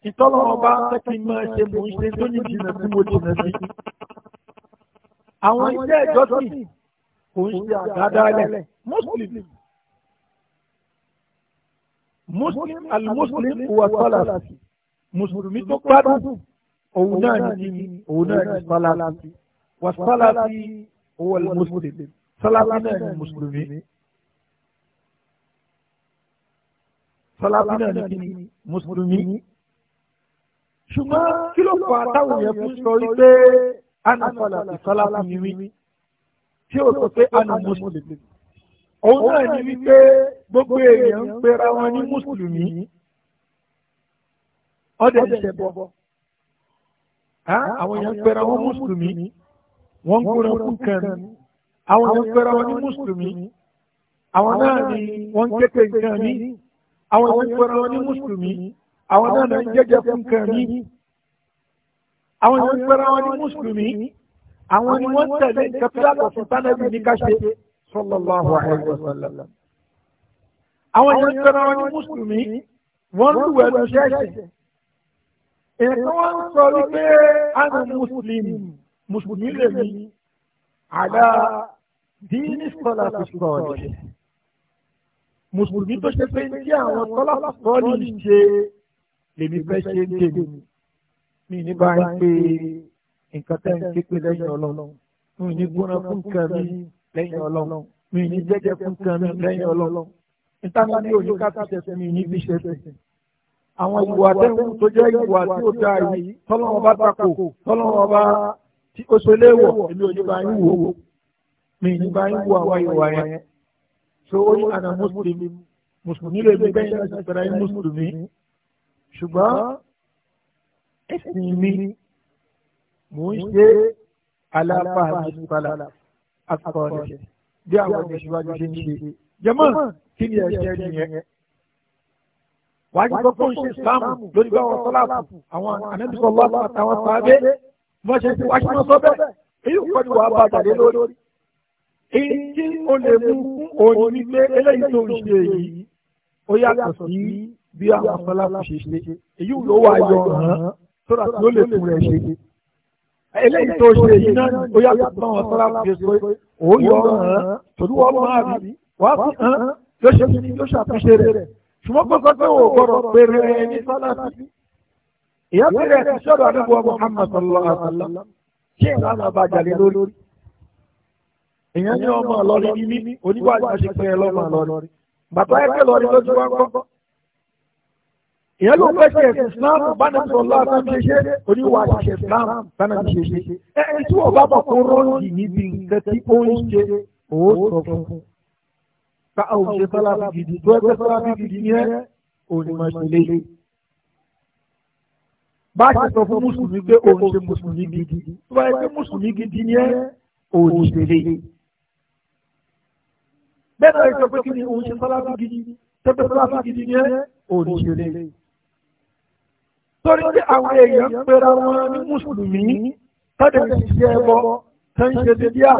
ìtọ́lọ́wọ́ bá tẹ́kí máa ṣe mò ń ṣe tó ní jìnnà tí mo jìnnà sí. àwọn iṣẹ́ ìjọsìn kò ń ṣe àdádálẹ̀ muslim muslim al-muslim huwa salaf mùsùlùmí tó gbádùn òun náà ní òun náà ní salafi wa salafi huwa al-muslim salafi náà ní mùsùlùmí salafi náà ní kíni mùsùlùmí ṣùgbọ́n kí ló fà táwọn yẹn fún sọ wípé anasala ìsọlá fún mi wí tí o sọ pé ana mùsùlùmí òun náà ní wípé gbogbo èèyàn ń pera wọn ní mùsùlùmí ọdẹ ṣẹ bọ àwọn èèyàn ń pera wọn mùsùlùmí wọn ń kóra fún kan àwọn èèyàn ń pera wọn ní mùsùlùmí àwọn náà ni wọn ń képe nǹkan ní àwọn tí wọ́n pẹ̀rọ ní mùsùlùmí àwọn náà náà ń jẹ́jẹ́ fún kan ní àwọn tí wọ́n pẹ̀rọ ní mùsùlùmí àwọn ni wọ́n tẹ̀lé kẹpítàlọ̀ fún tánẹ́bì ní káṣe sallallahu alaihi wasallam àwọn tí wọ́n pẹ̀rọ ní mùsùlùmí wọ́n lù ẹ̀lú ṣẹ́ṣẹ̀ èèyàn wọ́n ń sọ wípé àná mùsùlùmí mùsùlùmí lè ní àdá dín ní sọ́lá tó sọ̀rọ̀ mùsùlùmí tó ṣe pé tí àwọn tọ́lá tọ́lì ṣe lèmi fẹ́ ṣe ń tèmi mi ní bá ń pe nǹkan tẹ́ ń ké pé lẹ́yìn ọlọ́run mi ní gbóná fún nǹkan mi lẹ́yìn ọlọ́run mi ní jẹ́jẹ́ fún nǹkan mi lẹ́yìn ọlọ́run nítaná ní òní ká tẹ̀sẹ̀ mi ní bí ṣe tẹ̀sẹ̀. àwọn ìwà tẹ́hùn tó jẹ́ ìwà tí ó dáa yìí tọ́lọ́wọ́n bá takò tọ́lọ́wọ́n bá tí ó ṣe léèwọ̀ èmi ò ní bá yín wò ó mi ní bá yín wò àwọn ìwà yẹn ṣòwò àná mùsùlùmí mùsùlùmí lè gbé bẹ́ẹ̀ náà ṣàpẹrẹ ayé mùsùlùmí ṣùgbọ́n ẹ̀sìn mi mò ń ṣe alápá àdìsúkàlà àkọọ́lẹ̀ bí àwọn ọ̀dọ́ ìṣíwájú ṣe ń ṣe jẹ́mọ́ kí ni ẹ̀ṣẹ̀ nìyẹn wàá gbọ́ pé ó ń ṣe sáàmù lórí bí àwọn sọ́láàpù àwọn ànábìsọ̀ lọ́pàá àtàwọn sáábé wọ́n ṣe ti wáṣíwọ́n sọ́bẹ̀ èyí ò kọ́ ni wàá bá àtàlẹ́ lórí. Èyí o lè mú fún òun ní pé eléyìí tó ń ṣe yìí, ó yàtọ̀ sí bí àwọn afọláfù ṣe ṣe. Èyí ló wà yọ hàn tó rà ló lè fún rẹ̀ ṣe. Eléyìí tó ṣe yìí náà ó yàtọ̀ sí àwọn afọláfù ṣe pé ó yọ hàn torí wọ́n máa rí wá fi hàn yóò ṣe kí ni yóò ṣàtúnṣe rẹ̀. Ṣùgbọ́n kọ́kọ́ pé ò gbọ́dọ̀ pé rẹ̀ ní fọláfù. Ìyá bẹ̀rẹ̀ ti ṣọ́dọ̀ àdúgbò Muhammad sallallahu alaihi wa sallam. Ṣé ìlànà bàjẹ́ èèyàn ní ọmọ àlọ́rí ní mí oníwájú ṣe pé ẹ lọ́mọ àlọ́rí bàbá ẹgbẹ́ lọ́rí lójú wa ń kọ́. èèyàn ló fẹ́ ṣe ẹ̀sìn Islam bánà sọ láàbá ṣe ṣe oníwà ṣe Islam bánà ṣe ṣe ṣe. ẹ ẹ tí wọn bá bọ̀ kó rọ́ọ̀dì níbi nǹkan tí ó ń ṣe òun sọ fún un. ká a ò ṣe sálábì gidi tó ẹgbẹ́ sálábì gidi yẹn ò ní máa ṣe léyìí. bá a ṣe sọ fún mùsùlùmí pé òun ṣe mùsùlùmí gidi tó bá yẹ bẹ́ẹ̀ náà sọ pé kí ni òun ṣe sọ́láfì gidi tẹ́tẹ́ sọ́láfì gidi ní ẹ́ òrìṣẹ́lẹ̀. torí pé àwọn èèyàn pera wọn ní mùsùlùmí tọ́jà ń ṣiṣẹ́ ẹbọ tán ṣe dídíà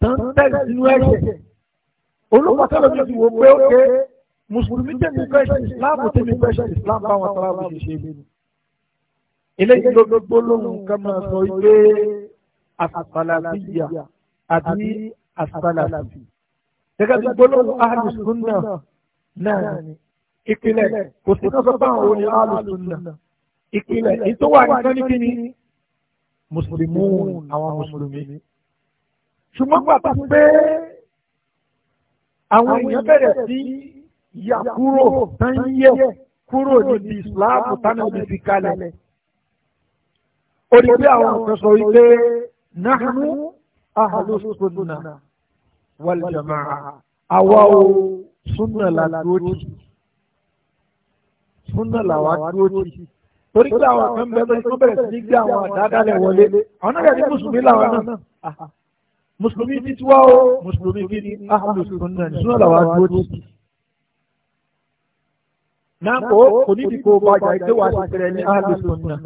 tán tẹ̀lé sínú ẹ̀ṣẹ̀. olùkọ́ sọ̀rọ̀ mi ti wò pé ókè mùsùlùmí tẹ̀mí fẹ́ṣẹ̀ ìsìláàmù tẹ̀mí fẹ́ṣẹ̀ ìsìláàmù báwọn sọ́láfì ṣe ṣe nù. eléyìí ló gbogbo lóhùn ká máa sọ pé àsàlàfíyà àbí àsàlàfíyà gẹ́gẹ́ bí gbólóhùn alùsùnà náà ni ìpìlẹ̀ kò sí náà sọ pé àwọn òní alùsùnà ìpìlẹ̀ èyí tó wà nìkan ní kíni mùsùlùmí àwọn mùsùlùmí. ṣùgbọ́n gbàgbà pé àwọn èèyàn bẹ̀rẹ̀ sí yà kúrò tán yẹ kúrò níbi ìsìláàmù tánà òbí fi kalẹ̀. ó ní àwọn kan sọ wípé nahnu ahlus wal jama'a àwa o súnà la dúró tì súnà làwa dúró tì torí pé àwọn kan bẹ́ẹ̀ tó bẹ̀rẹ̀ sí ní gbé àwọn àdádálẹ̀ wọlé àwọn náà yàtí mùsùlùmí làwọn náà mùsùlùmí títí o mùsùlùmí kí ni ahlu sunna ní súnà làwa dúró tì náà kò kò nídìí kó bá jà ìgbé wa ti tẹ̀lé ní ahlu sunna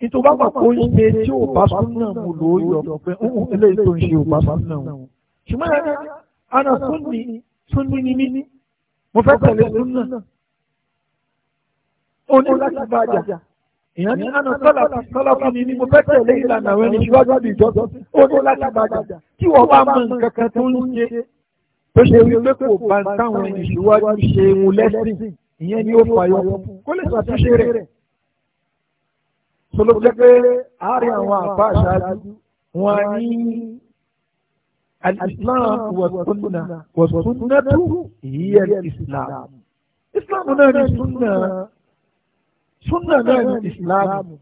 nítorí bá pàpọ̀ ń tí ò bá súnà mú lóyún pé ń eléyìí tó ń ṣe ò bá súnà mú ṣùgbọ́n ana sunni sunni ni mí mo fẹ́ tẹ̀lé sunna ó ní láti bá a jà èèyàn ní ana sọ́làfù sọ́làfù ni mí mo fẹ́ tẹ̀lé ìlànà àwọn ẹni ṣíwájú àbí ìjọba ó ní láti bá a jà kí wọ́n bá mọ nǹkan kan tó ń ṣe tó ṣe wí pé kò bá táwọn ẹni ṣíwájú ṣe ń lẹ́sìn ìyẹn ni ó fàyọ kó lè ṣàtúnṣe rẹ̀ sọlọ́pẹ́ pé àárín àwọn àbá àṣáájú wọn á ní. الإسلام والسنة والسنة هي الإسلام إسلام نادي سنة سنة نادي إسلام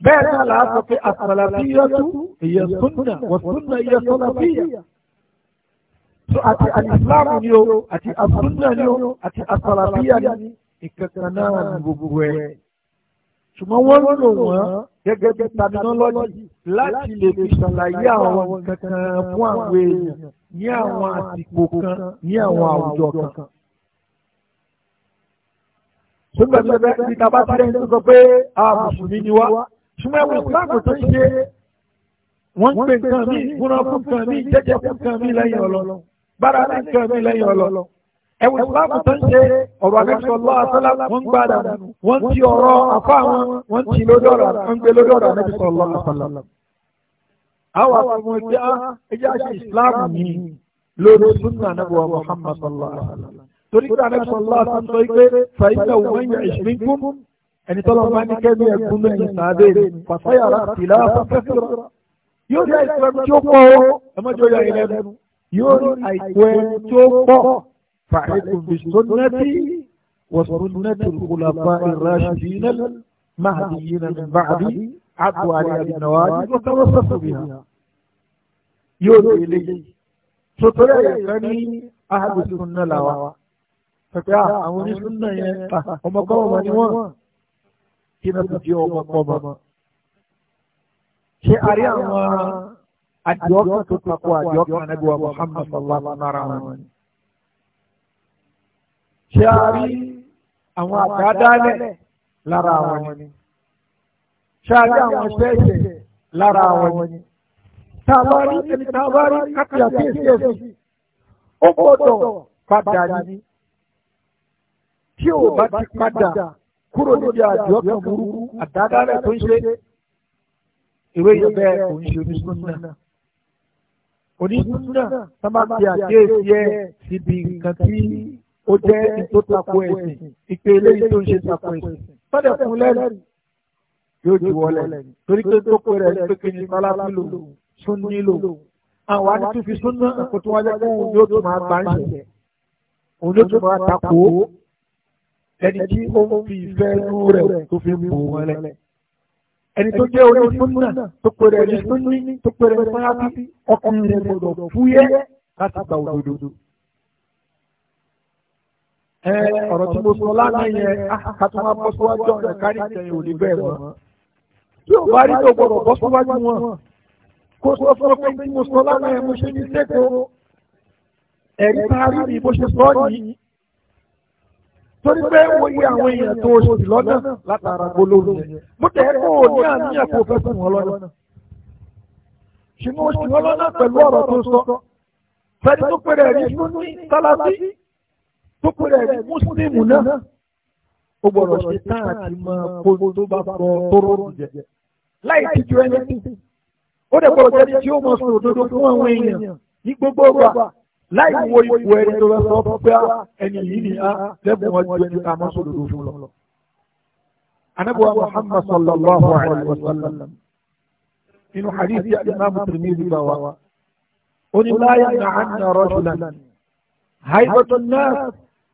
بعد العصر السلفية هي السنة والسنة هي السلفية أتي الإسلام اليوم أتي السنة اليوم أتي السلفية اليوم إكتنان بقوة ṣùgbọ́n wọ́n lò wọ́n gẹ́gẹ́ bí terminology láti lè fi ṣàlàyé àwọn kankan fún àwọn èèyàn ní àwọn àsìkò kan ní àwọn àwùjọ kan. ṣùgbọ́n tí ẹgbẹ́ ti kábá sọ pé àwọn mùsùlùmí ni wá ṣùgbọ́n ẹ̀wọ̀n ìsìláàmù tó ń ṣe wọ́n ń pè nǹkan mí ìkúná fún nǹkan mí jẹ́jẹ́ fún nǹkan mí lẹ́yìn ọlọ́lọ́ bára fún nǹkan mí lẹ́yìn ọlọ́lọ́ ẹwù ìsìláàmù tó ń ṣe ọ̀rọ̀ àgbẹ̀sọ̀ lọ́ àtọ́lá wọ́n ń gbà dànù wọ́n ti ọ̀rọ̀ afá wọn wọ́n ti lórí ọ̀rọ̀ wọ́n gbé lórí ọ̀rọ̀ àgbẹ̀sọ̀ lọ́ àtọ́lá. àwọn àwọn ọmọ ẹgbẹ́ àṣẹ ìsìláàmù mi lórí sunna anábọ̀ Muhammad sallallahu torí pé àgbẹ̀sọ̀ lọ́ àtọ́lá sọ pé fàyínà wọ́n yẹ ìṣìnkún ẹni tọ́lọ́ yóò rí àìsàn tí ó pọ̀ فعليكم بسنتي وسنة الخلفاء الراشدين المهديين من بعدي عضوا عليها بالنواجذ وتوسطوا بها yóò lè sotori àyàká ní ahadu sunna làwa pẹpẹ àwọn onísunna yẹn ọmọkọ́mọ ni wọ́n kí náà tó di ọmọkọ́mọ. ṣé a rí àwọn àjọ kan tó takò àjọ kan nàbí wa Muhammad sallallahu alaihi wa sallam ṣé a rí àwọn àdádálẹ̀ lára àwọn ni ṣé a rí àwọn ṣẹ́ẹ̀ṣẹ̀ lára àwọn ni tá a bá rí ẹni tá a bá rí kápẹ́yà kéèsì ẹ̀sìn ó gbọ́dọ̀ padà ní tí ò bá ti padà kúrò níbi àjọ kan burúkú àdádálẹ̀ tó ń ṣe ìwé yìí bẹ́ẹ̀ kò ń ṣe onísúnnà onísúnnà tó máa ń fi àkíyèsí ẹ̀ síbi nǹkan tí ó jẹ́ ètò tako ẹ̀sìn ìpè eléyìí tó ń ṣe tako ẹ̀sìn sọ́dẹ̀ fún lẹ́rìí yóò ju wọlé torí pé tó pé rẹ̀ pé kí ni sálábí lò sún nílò àwọn àti tó fi sún náà ẹ̀kọ́ tó wáyé fún òun yóò tún máa gbà ń ṣẹ̀ òun yóò tún máa tako ẹni tí ó ń fi ìfẹ́ inú rẹ̀ tó fi bù wọlé ẹni tó jẹ́ orí súnà tó pé ní súnni tó pé rẹ̀ sálábí ọkùnrin rẹ̀ gbọdọ̀ fúyẹ́ láti gba òdodo ẹ ọ̀rọ̀ tí mo sọ lánàá yẹn ká tó máa bọ́ síwájú ọ̀nà kárí ìtẹ̀yìn ò ní bẹ́ẹ̀ mọ́ tí ò bá rí tó gbọdọ̀ bọ́ síwájú wọn kó sọ fún ọpẹ́ tí mo sọ lánàá yẹn mo ṣe ní sẹ́kọ̀ọ́ ẹ̀rí tá a rí ni bó ṣe sọ ọ́ nìyí torí pé wo yẹ àwọn èèyàn tó o sì lọ́nà látara gbólóhùn yẹn mo tẹ̀ ẹ́ kó o ní àníyàn kó o fẹ́ sùn wọn lọ́nà ṣùgbọ́n o sì wọn lọ́nà pẹ̀lú ọ̀rọ̀ tó sọ fẹ́ni tó pẹ̀rẹ̀ rí fún ní tálábí tó pé rẹ̀ mùsùlùmù náà ó gbọ́dọ̀ ṣe tán àti máa kó tó bá fọ tó rọrùn jẹ láì tijú ẹni ó dẹ̀ gbọ́dọ̀ jẹ́ tí ó mọ̀ sọ̀rọ̀ òdodo fún àwọn èèyàn ní gbogbo ọgbà láì wo ipò ẹni tó bá sọ pé ah, ẹni yìí ni a ah, lẹ́bùn wọn ju ẹni ká mọ̀ sọ̀rọ̀ òdodo fún lọ. anabuwa muhammad sallallahu alaihi wa sallam inú hadith ya tirmidhi bá wa ó ní láyà nà haibatun náà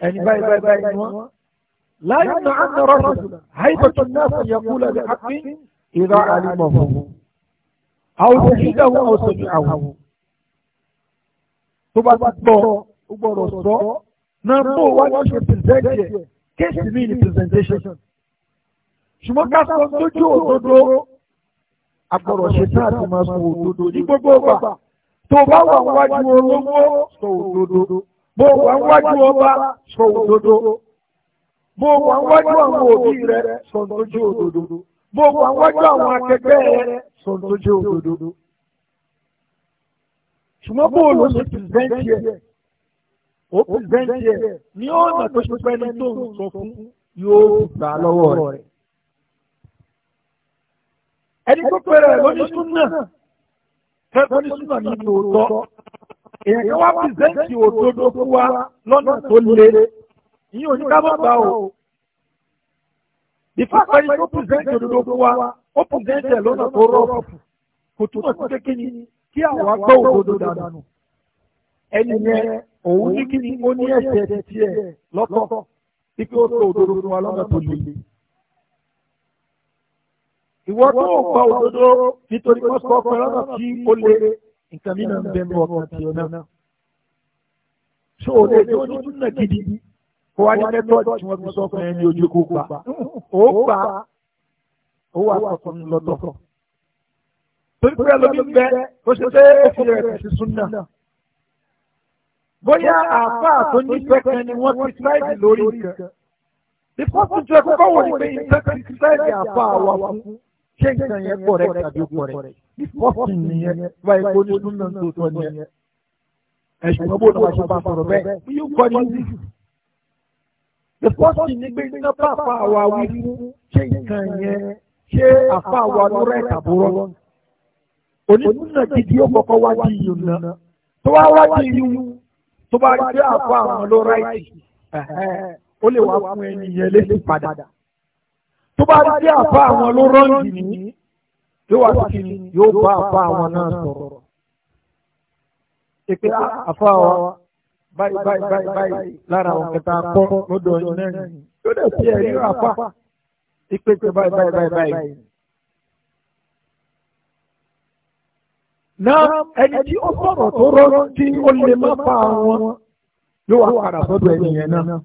ẹni báyìí báyìí báyìí ni wọ́n. láyé nà á nà rọ́ọ̀lù àìbọ̀tò náà fún yẹkú lẹ́bi àpín ìrà àlìmọ̀ fún. àwọn òṣìṣẹ́ wọn ò sọ̀rọ̀ àwọn. tó bá ti gbọ́ ó gbọ́dọ̀ sọ náà tó wá ní ṣe pìrìsẹ́ǹtì ẹ̀ kéèsì mi ní pìrìsẹ́ǹtẹ́ṣọ̀n. ṣùgbọ́n ká sọ lójú òdodo agbọ̀rọ̀ ṣe tá àti máa sọ òdodo ní gbogbo ọgbà tó bá wà wájú olówó sọ òdodo. bó wà wájú ọba sọ òdodo bó wà wájú àwọn òbí rẹ sọ ntójú òdodo bó wà wájú àwọn akẹgbẹ́ rẹ sọ ntójú òdodo. ṣùgbọ́n bó o lò ṣe pìrìsẹ́ǹtì ẹ̀ ó pìrìsẹ́ǹtì ẹ̀ ní ọ̀nà tó ṣe pẹ́ ní tó ń sọ fún yóò gbà lọ́wọ́ èyí wá pìsẹ́ǹtì òdodo fún wa lọ́nà tó le ìyí ò ní ká má bá o. ìfapá yìí tó pìsẹ́ǹtì òdodo fún wa ó pìsẹ́ǹtì ẹ̀ lọ́nà tó rọ̀fù kò túmọ̀ sí kékeré kí àwa gbọ́ òdodo dànù. ẹni yẹn òun ní kí ni ó ní ẹ̀ṣẹ̀ tiẹ̀ lọ́tọ̀ ipe ó tó òdodo fún wa lọ́nà tó le. ìwọ tó ń pa òdodo nítorí wọ́n sọ ọkọ lọ́nà tí ó le nǹkan mi náà ń bẹ mú ọkàn tí ọ náà. so òde tí ó ní túnà gidi kó wá ní mẹ́tọ́ọ̀dì tí wọ́n fi sọ fún ẹni ojú kó gbà ó gbà ó wà sọ̀tún lọ́tọ̀. torí pé ẹlòmíín bẹ ó ṣe pé ó fi rẹ̀ sí bóyá àáfàá tó ní ni wọ́n ti tíráìdì lórí nǹkan. ìfọ́sùn jẹ́ kókó wọ̀ ní pé ìtẹ́kẹ́ tíráìdì àáfàá wà fún ṣé nǹkan yẹn pọ̀ rẹ̀ tàbí pọ̀ rẹ̀ ìfọ́sìn nìyẹn báyìí kó ní súnmọ́ ní tòótọ́ nìyẹn ẹ̀sùn ọgbọ́n náà ṣe bá sọ̀rọ̀ bẹ́ẹ̀ yóò kọ́ ní ìlú. ìfọ́sìn ní gbé iná bá àfa àwa wí fún ṣé nǹkan yẹn ṣé àfa àwa ló rẹ̀ tàbúrọ̀. onísùnà gidi ó kọ́kọ́ wá di iyùn náà tó wá wá di iyùn tó bá rí pé àfa àwọn ló rẹ̀ tì ó lè wá fún ẹni yẹn lé tó bá jẹ́ àfa àwọn ló rọ́ǹgì ní yóò wá sí kí ni yóò bá àfa àwọn náà sọ̀rọ̀. Èpè ah, àfa wa báyìí báyìí báyìí báyìí lára àwọn kẹta kọ́ lọ́dọ̀ yín náà ni yóò dẹ̀ sí ẹ̀rí àfa ìpè tẹ báyìí báyìí báyìí báyìí. Náà ẹni tí ó sọ̀rọ̀ tó rọ́ọ̀tì ó lè má fa àwọn yóò wá padà sọ́dọ̀ ẹni yẹn náà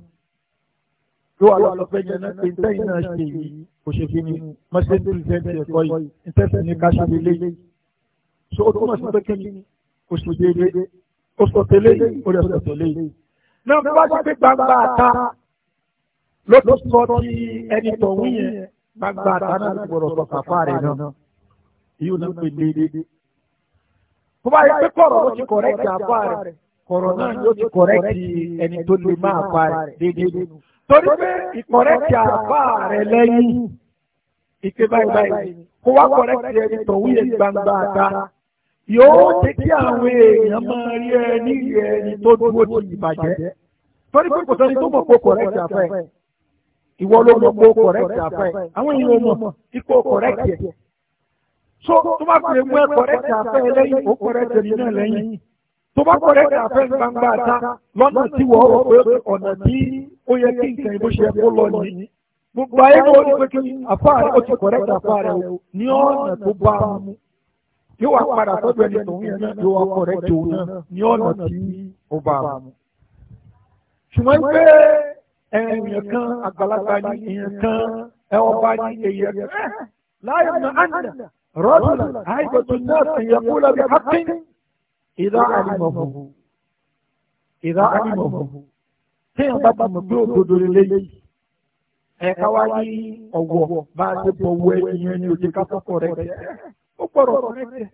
yóò wà lọ́dọ̀ fẹ́ jẹ́ náà pé ntẹ́yìn náà ṣe yìí kò ṣe kí ni mọ́ṣẹ́ tó ṣe ti ẹ̀kọ́ yìí ntẹ́sẹ̀ ní ká ṣe lé so ó túmọ̀ sí pé kí ni kò ṣe déédéé ó sọ tẹ́lẹ̀ ó rẹ̀ sọ tẹ́lẹ̀ náà bá ti pé gbangba àta ló tó sọ ti ẹni tọ̀hún yẹn gbangba àta náà ló gbọdọ̀ sọ kàfá rẹ̀ náà yóò náà pé déédéé tó bá yẹ pé kọ̀rọ̀ ló ti kọ̀rẹ́kì kọ̀rọ̀ náà yóò ti kọ̀rẹ́kì ẹni tó lè má àfá rẹ̀ déédéé torí pé ìkọ̀rẹ́tì àbá rẹ̀ lẹ́yìn ìpè báyìí báyìí kó wá kọ̀rẹ́tì ẹni tó wúyẹ gbangba àta yóò jẹ́ kí àwọn èèyàn máa rí ẹni rí ẹni tó dúró ti ìbàjẹ́ torí pé kò sẹ́ni tó mọ̀ pé kọ̀rẹ́tì àbá ẹ̀ ìwọ ló mọ̀ pé kọ̀rẹ́tì àbá ẹ̀ àwọn èèyàn mọ̀ ipò kọ̀rẹ́tì ẹ̀ so tó bá fi mú ẹ kọ̀rẹ́tì àbá ẹ̀ lẹ́yìn ó kọ̀rẹ́tì ẹ̀ tó bá kọ̀rẹ́ kà fẹ́ gbangba ta lọ́nà tí wọ́n rò pé ọ̀nà tí ó yẹ kí nǹkan ìbò ṣe kó lọ nìyí. gbogbo ayé kò ní pé kí afá rẹ̀ ó ti kọ̀rẹ́ kà afá rẹ̀ o ní ọ̀nà tó bá a mú. yóò wá padà sọ́dọ̀ ẹni tòun yẹn náà yóò wá kọ̀rẹ́ tó náà ní ọ̀nà tí ó bá a mú. ṣùgbọ́n pé èèyàn kan àgbàlagbà ni èèyàn kan ọba ni èèyàn kan eh, láyé ìdá àlìmọ̀fù ìdá àlìmọ̀fù téèyàn bá bá mọ̀ pé òdodo lè léyìí ẹ̀ka wá ní ọ̀wọ̀ bá a ṣe bọ̀ wọ ẹnìyẹn ní òjì kápákọ̀ rẹ̀ ó pọ̀rọ̀ rẹ̀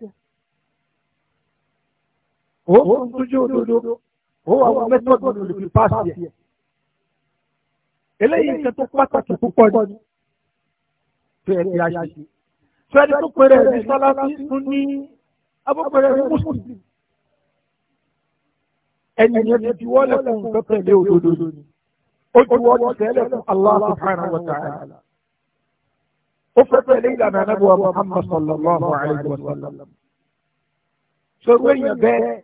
ó ń tójú òdodo ó wà wọ mẹ́tọ́dù olùfi páàsì ẹ̀ eléyìí nǹkan tó pàtàkì púpọ̀ ni tó ẹ̀ ti a ṣe tó pẹ̀rẹ̀ ní sálábí tún ní abọ́pẹ̀rẹ̀ mùsùlùmí ẹni yẹn ti wọ́lẹ̀ fún nǹkan pẹ̀lú òdodo ni ó ti wọ́n tẹ́lẹ̀ fún Allah subhanahu wa ta'ala ó fẹ́ tẹ̀lé ìlànà anábùwà Muhammad sallallahu alayhi wa sallam sọ̀rọ̀ èèyàn bẹ́ẹ̀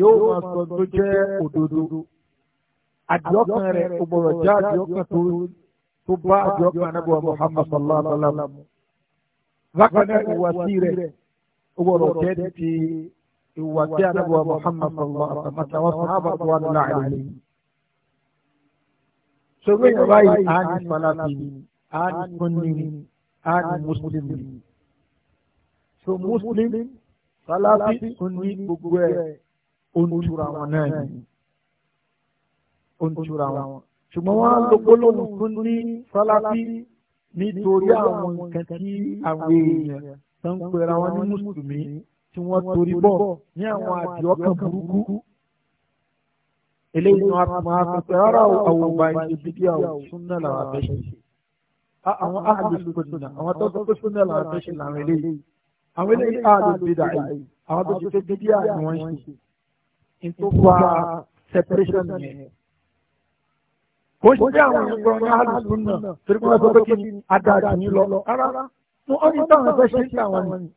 yóò máa sọ tó jẹ́ òdodo àdìọ́kàn rẹ̀ ògbọ̀rọ̀ já àdìọ́kàn tó tó bá àdìọ́kàn anábùwà Muhammad sallallahu alayhi wa sallam bákan náà ìwà sí rẹ̀ ògbọ̀rọ̀ jẹ́ ti ìwà tí anábọ̀ Muhammad sallallahu alaihi wa sallam àtàwọn sábà tó wà nílá àìlè. sọgbẹ́ yẹn báyìí a ní falafi a ní sunni a ní mùsùlùmí. so mùsùlùmí falafi sunni gbogbo ẹ̀ ontura wọn náà yìí ontura wọn. ṣùgbọ́n wọ́n á gbólóhùn sunni falafi nítorí àwọn nǹkan àwọn èèyàn tó ń pera wọn ní mùsùlùmí tí wọ́n torí bọ̀ ní àwọn àdìọ́kàn burúkú eléyìí wọn máa fi pé rárá àwọn ọba ìṣe bíbí àwọn súnmọ́ làwọn afẹ́ṣe àwọn àlè sùpòtìnà àwọn tó tó súnmọ́ làwọn afẹ́ṣe làwọn eléyìí àwọn eléyìí àlè bídà yìí àwọn tó ti fẹ́ bíbí àwọn wọn n tó fa separation yẹn. kò sí àwọn ìgbọ̀n ní àlè súnmọ́ torí pé wọ́n sọ pé kí ni adájú yín lọ rárá. mo ọ́ ní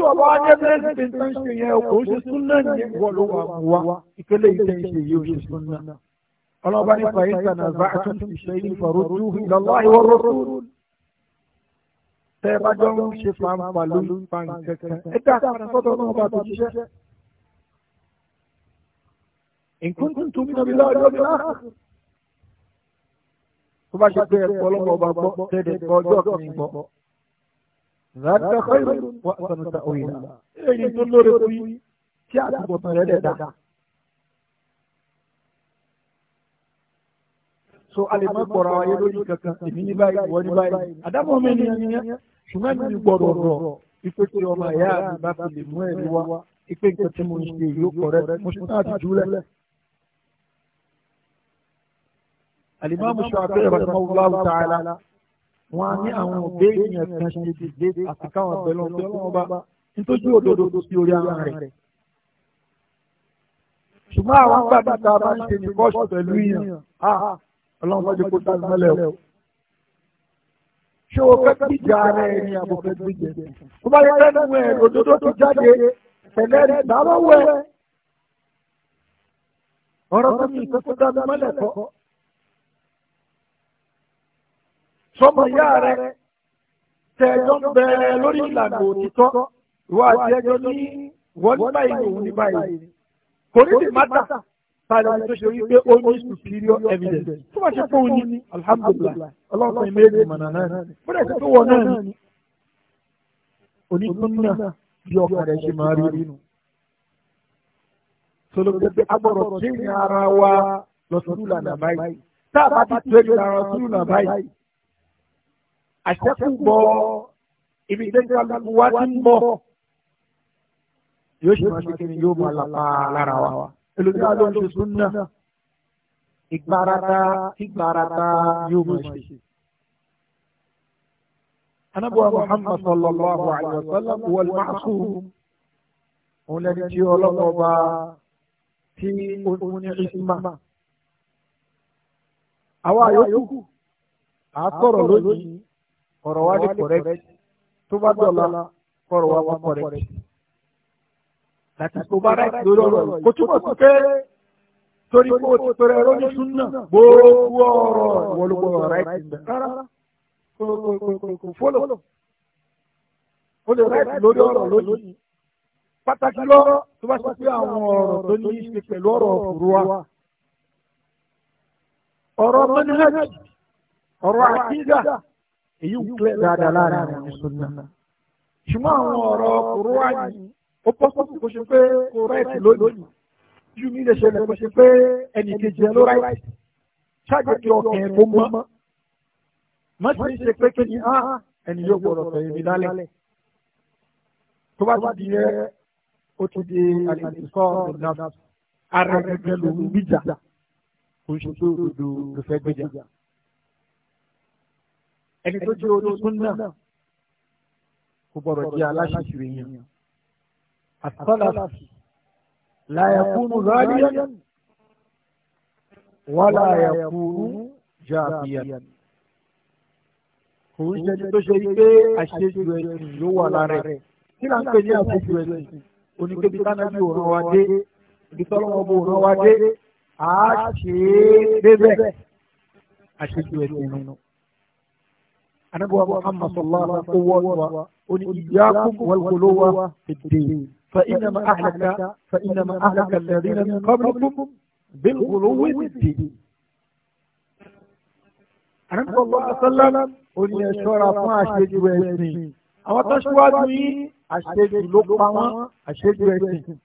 tí ọba wa ní ẹgbẹ́rẹ́sì pé nǹkan ṣe yẹn o kò ṣe súnà ní wọ́lọ́ wa mú wa ìpele ìtẹ́ ìṣe yìí ó ṣe súnà. ọlọ́ba ní fàyíṣà náà bá àtúntò ṣe ní ìfọ̀rọ̀jú ìlọ́lá ìwọ́rọ̀rọ̀ tẹ́ ẹ bá jọ ń ṣe fàǹfà lórí pàǹkì kẹ̀kẹ́ ẹ dá sọ́dọ̀ náà bá tó ṣiṣẹ́. nǹkan tó mi nàbí láàrin ọjọ́ náà tó bá ṣe pé ẹ̀kọ́ ọlọ́mọ ذلك خير وأحسن تأويلا èyí tó lóore fún yín tí àtúbọ̀tán rẹ̀ dẹ̀ dá. so a lè má gbọ́ra wa yé lórí kankan èmi ní báyìí wọ́n ní báyìí àdámọ́ mi ni ìyẹn ṣùgbọ́n mi gbọ́dọ̀ rọ̀ ipe tí ọmọ ẹ̀yà mi bá fi lè ta'ala wọn á ní àwọn òbí èèyàn kan ṣe dìde àti káwọn abẹ́lẹ́ ọ̀bẹ ọlọ́run bá nítorí òdodo sí orí ara rẹ̀. ṣùgbọ́n àwọn gbàgbà tá a bá ń ṣe ní kọ́ọ̀ṣù pẹ̀lú yìnyín ọlọ́run bá jẹ́ kó tá a mọ́lẹ̀ o. ṣé o fẹ́ gbìjà ara ẹ̀ ní àbò fẹ́ gbìjà ẹ̀? tó bá yẹ fẹ́ nínú ẹ̀ òdodo ti jáde ẹ̀lẹ́ rẹ̀ dáwọ́ wẹ̀. ọ̀rọ̀ tó ní ìfẹ́ kó dá sọmọ ìyá rẹ tẹ̀jọ́ ń bẹ lórí ìlànà òtítọ́ ìwọ àti ẹjọ́ ní wọ́n ní báyìí òun ní báyìí kò ní tààlà tó ṣe wípé ó ní superior evidence tó bá ṣe fún un ní alhamdulilah ọlọ́run ìmọ̀ èdè mọ̀nà náà bó dẹ̀ tó wọ̀ náà ni oníkúnnà bí ọkàn rẹ̀ ṣe máa rí nínú. sọlọ́gbẹ́gbẹ́ agbọ̀rọ̀ tí ń ara wa lọ sọ́dún lànà báyìí tá a bá ti tẹ́lẹ̀ ara sọ́dún lànà báyìí àṣẹ́kùbọ̀ ibi ìdẹ́jọ́ alágbó wá ní mọ́ yóò ṣe máa ṣe kí ni yóò máa lápá lára wa ẹlòmíràn ló ń ṣe súnà ìgbárata ìgbárata yóò máa ṣe. anábọ̀ muhammad sallallahu alayhi wa sallam wal ma'sum òun lẹni tí ọlọ́pàá ọba tí ní ìsìnmá. àwa yòókù àá sọ̀rọ̀ lónìí ọ̀rọ̀ wa di correct tó bá dọ̀la kọ̀rọ̀ wa wà correct. Láti tó bá rẹ̀ lórí ọ̀rọ̀ kò túbọ̀ tó kẹ́ torí kó o tọrẹ ẹ̀rọ ní súnà gbogbo ọ̀rọ̀ wọlúwọ̀ rẹ̀ ti bẹ̀ rárá kò fọ́lọ̀ o lè rẹ̀ lórí ọ̀rọ̀ lónìí pàtàkì lọ́rọ̀ tó bá ṣe pé àwọn ọ̀rọ̀ tó ní í ṣe pẹ̀lú ọ̀rọ̀ òfurú wa ọ̀rọ̀ manhaj ọ̀rọ̀ àkídà èyí ń kílẹ̀ dáadáa láàrin àwọn ìṣúná ṣùgbọ́n àwọn ọ̀rọ̀ kòró wà ní ó pọ́sọ́sì kó ṣe pé kò ráìtì lónìí ju mi lè ṣẹlẹ̀ kó ṣe pé ẹnì kejì ẹ ló ráìtì ṣáàjẹ́ kí ọkàn ẹ̀ kó mọ́ má ṣe ń ṣe pé kí ni á ah, ah, ẹni yóò gbọ́dọ̀ tẹ̀yìn mi lálẹ́ tó bá ti di ẹ ó ti di àlìsọ́ ọ̀dà ara ẹgbẹ́ lòún gbìjà kò ṣe pé òdodo ló fẹ́ gbìjà ẹni tó jẹ́ olóṣùn náà kò gbọ́dọ̀ jẹ́ aláṣìṣe yẹn. àtọ́lá láyàkúnú rádíyàn wà láyàkúnú jàbíyàn. òun ṣe ni tó ṣe pé àṣejù ẹ̀sìn ló wà lára rẹ̀. kí là ń pè ní àṣejù ẹ̀sìn oníkébi kánábì òran wa dé ibi tọ́lọ́wọ́ bó wa dé àá é débẹ̀ àṣejù ẹ̀sìn nínú. أنا أبو محمد صلى الله عليه وسلم إياكم والغلو في الدين فإنما أهلك فإنما أهلك الذين من قبلكم بالغلو في الدين أنا أبو الله صلى الله عليه وسلم أشهر أفما أشهد ويسمي أما تشوار مي أشهد لقما أشهد ويسمي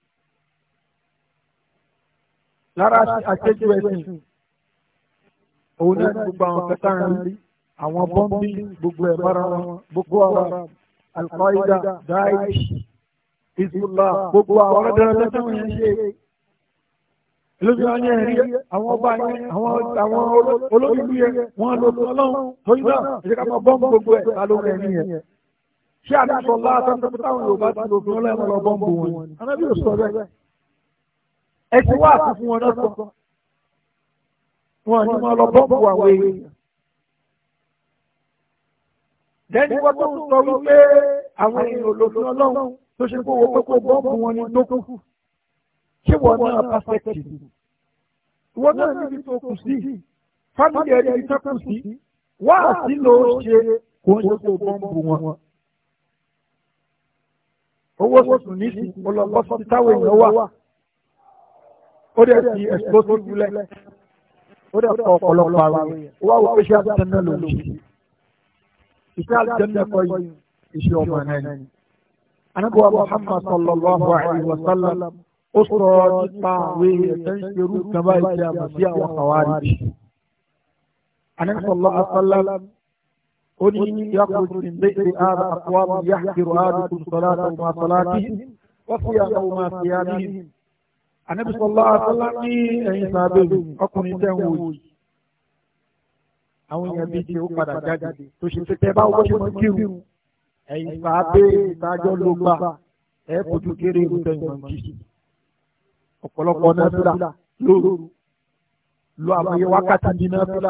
لا أشهد ويسمي أولاً بقى أنك تعلم àwọn bọ́m̀bì gbogbo ẹ̀ mọ́ra wọn gbogbo ara alqaida daesh hezbollah gbogbo àwọn ọ̀rẹ́dẹ̀rẹ́dẹ́ tó ń ṣe lójú ayé ẹ̀rí àwọn ọba yẹn àwọn àwọn olóyìnbó yẹn wọn lò lọ lọ́hùn torí náà ìṣèkà máa bọ́m̀bù gbogbo ẹ̀ ta ló rẹ̀ nìyẹn ṣé àdúgbò láàtọ́ tó táwọn yorùbá ti lò fún ọlọ́run lọ bọ́m̀bù wọn anábì ẹ ti wá àti wọn náà sọ wọn ni wọn lọ bọ́m̀bù àwọn èèyàn dẹ́ni wọ́n tó ń sọ wípé àwọn èèyàn olófin ọlọ́run tó ṣe kó wọ́n pé kó bọ́ọ̀mù wọn ní lókù ṣé wọ́n náà pàṣẹkì wọ́n náà níbi tó kù sí fámìlì ẹ̀rí ibi tó kù sí wọ́n á sí ló ṣe kó ń ṣe kó bọ́ọ̀mù wọn. owó sùn ní sí ọlọ́lọ́sọ táwọn èèyàn wà ó dẹ̀ ti ẹ̀sùn tó tó jùlẹ̀ ó dẹ̀ fọ ọ̀pọ̀lọpọ̀ àwọn èèyàn ó wá wọ́n pé ṣé àtúntàn náà ló ń iṣẹ́ àjẹ́nà ẹ̀kọ́ yìí iṣẹ́ ọmọ náà ni. anábọ̀ Muhammad sallallahu alayhi wa sallam ó sọ̀rọ̀ nípa àwọn èèyàn tó ń ṣerú kaba ìṣe àmọ̀ sí àwọn kàwárí. anábọ̀ sallallahu alayhi wa sallam ó ní yàkùn sí bẹ́ẹ̀ àrà àkọ́wàmù yàkìrò àdùkù sọ̀lá àtàwọn àsọ̀lá wọ́pẹ́ àwọn ọmọ àti àbí. anábọ̀ sallallahu alayhi wa sallam ní ẹ̀yìn sábẹ́ ọkùnrin tẹ̀ ń wò yìí àwọn èèyàn bíi ti ó padà jáde tó ṣe pé tẹ bá wọ́n ṣe mọ́ kírun ẹ̀yìn ìgbà abéèrè ìtajọ́ ló gbà ẹ̀ kojú kéré ìrútẹ̀ ìwọ̀n kì í ọ̀pọ̀lọpọ̀ náfìlà lóru lo àmọye wákàtí ní náfìlà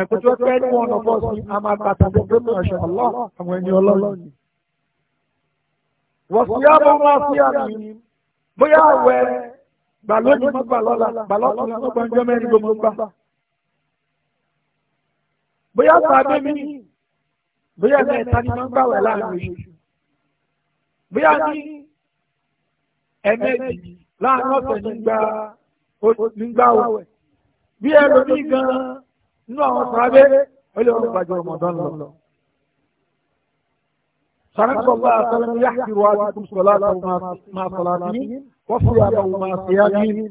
ẹ̀kú tó fẹ́ ní wọn lọ́fọ́ sí amagbatà tó gbé mọ̀ ṣe ọlọ́ àwọn ẹni ọlọ́run ni. wọ́n fi àmọ́ máa fi àmì bóyá àwẹ̀ gbàlónì mọ́gbà lọ́la gbàlọ́kùnrin mọ́gbà ń jẹ́ mẹ́rin gbogbo gbà bóyá sábẹ́ mi ní bóyá mẹ́ta ni máa ń gbàwẹ̀ láàrin oṣù bóyá ní ẹ̀mẹ́jì láàrin ọ̀sẹ̀ nígbà wẹ̀ bí ẹlòmíì gan-an nínú àwọn sábẹ́ ó lè wọ́n gbàjọ ọmọdán lọ. سنك الله صلى الله عليه وسلم يحكي روايتكم صلاة وما صلاتهم وصيامهم وما صيامهم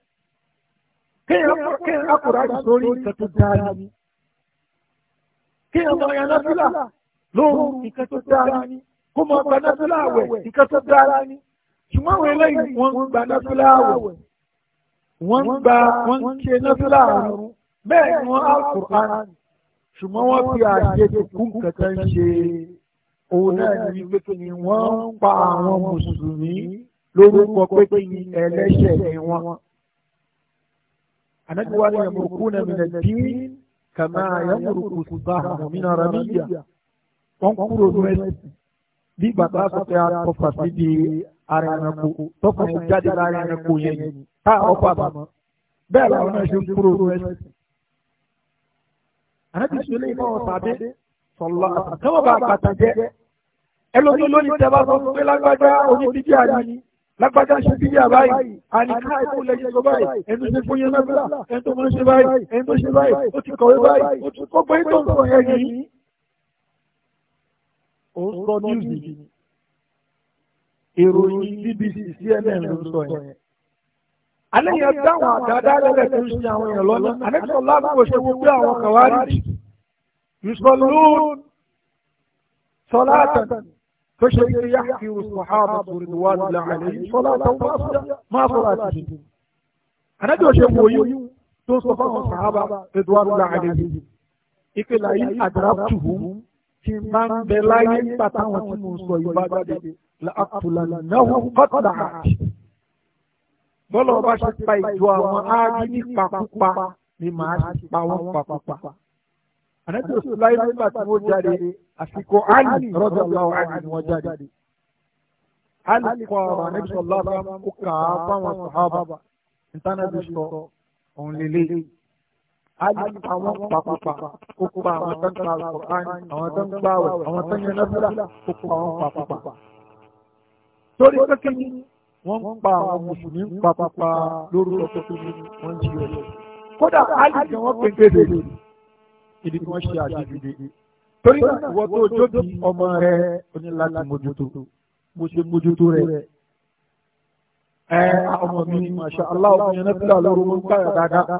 kéèyàn akùrádì sórí nǹkan tó dáa ni kéèyàn máa yan náfìlà lóhùn nǹkan tó dáa ni kó máa gba náfìlà àwẹ̀ nǹkan tó dáa ni ṣùgbọ́n àwọn eléyìí wọ́n ń gba náfìlà àwẹ̀ wọ́n ń gba wọ́n ń ṣe náfìlà àrùn bẹ́ẹ̀ ni wọ́n á kùránì ṣùgbọ́n wọ́n fi àṣẹ kú nǹkan tó ń ṣe òun náà ní wípé kí ni wọ́n ń pa àwọn mùsùlùmí lórúkọ pé kí ni ẹlẹ́ṣẹ̀ ni wọ́n. Ànábì wa ni yamurukuna mina dín kàmá yamuruku sahmu mina ramiya. Wọ́n kúrò ní ẹ̀sìn. Bí bàtà sọ pé a tọfà sí di ara ẹranko tọkàn yẹn jáde lára ẹranko yẹn yìí tá ọkọ àbámọ̀. Bẹ́ẹ̀ làwọn náà ṣe ń kúrò ní ẹ̀sìn. Ànábì sọlẹ̀ ìmọ̀ ọ̀tàdé sọ̀lá àtàwọn bá àgbàtà jẹ́. Ẹlòmí lónìí bá sọ pé lágbájá onídìí àná ni lágbájá ṣe bí yà báyìí àníká ẹ̀kọ́ lẹ́yìn ẹ̀kọ́ báyìí ẹnu ṣe fún yẹn lábúlá ẹni tó máa ṣe báyìí ẹni tó ṣe báyìí ó ti kọ̀wé báyìí ó ti kọ́ pé tó ń sọ ẹ̀yìn yìí. ó ń sọ news yìí ìròyìn BBC CNN ló ń sọ yẹn. alẹ́ yẹn dáhùn àdáadáa lẹ́lẹ̀ tó ń ṣe àwọn èèyàn lọ́nà àlẹ́kọ̀ọ́ lábúgbò ṣe wọ́n pé àwọn kàwárí فشيء يحكي الصحابة رضوان الله عليهم صلاة واصلة ما صلاتهم أنا دو شبوي تو صفاهم الصحابة رضوان الله عليهم إكلا إن أدركتهم tí máa ń bẹ láyé nígbà táwọn tí mo sọ yìí bá jáde làákùlànàwó kọ́tà àti. bọ́lá ọba ṣe pa ìjọ àwọn áárí nípa púpa ni màá ṣe pa wọ́n pa púpa ànábì òṣùláì nígbà tí wọ́n jáde àsìkò Àlì radiyallahu anhu ni wọ́n jáde. Àlì kọ ọ̀rọ̀ ànábì sọ̀lá bá kó kà á fáwọn sàhábà ìtànàbì sọ òun lélẹ̀. Àlì àwọn pàpàpà kó pa àwọn tó ń ta Al-Qur'an àwọn tó ń gbàwẹ̀ àwọn tó ń yẹn náfìlà kó pa àwọn pàpàpà. Torí kékeré wọ́n ń pa àwọn mùsùlùmí pàpàpà lórúkọ tó tóbi wọ́n ń jí ibi tí wọ́n ṣe àṣejùde. torí náà ìwọ tó jóbi ọmọ rẹ ó ní láti mójútó mo ṣe mójútó rẹ. ẹ ọmọ mi masha allah ọmọ yẹn náà lóru mo ń gbà dáadáa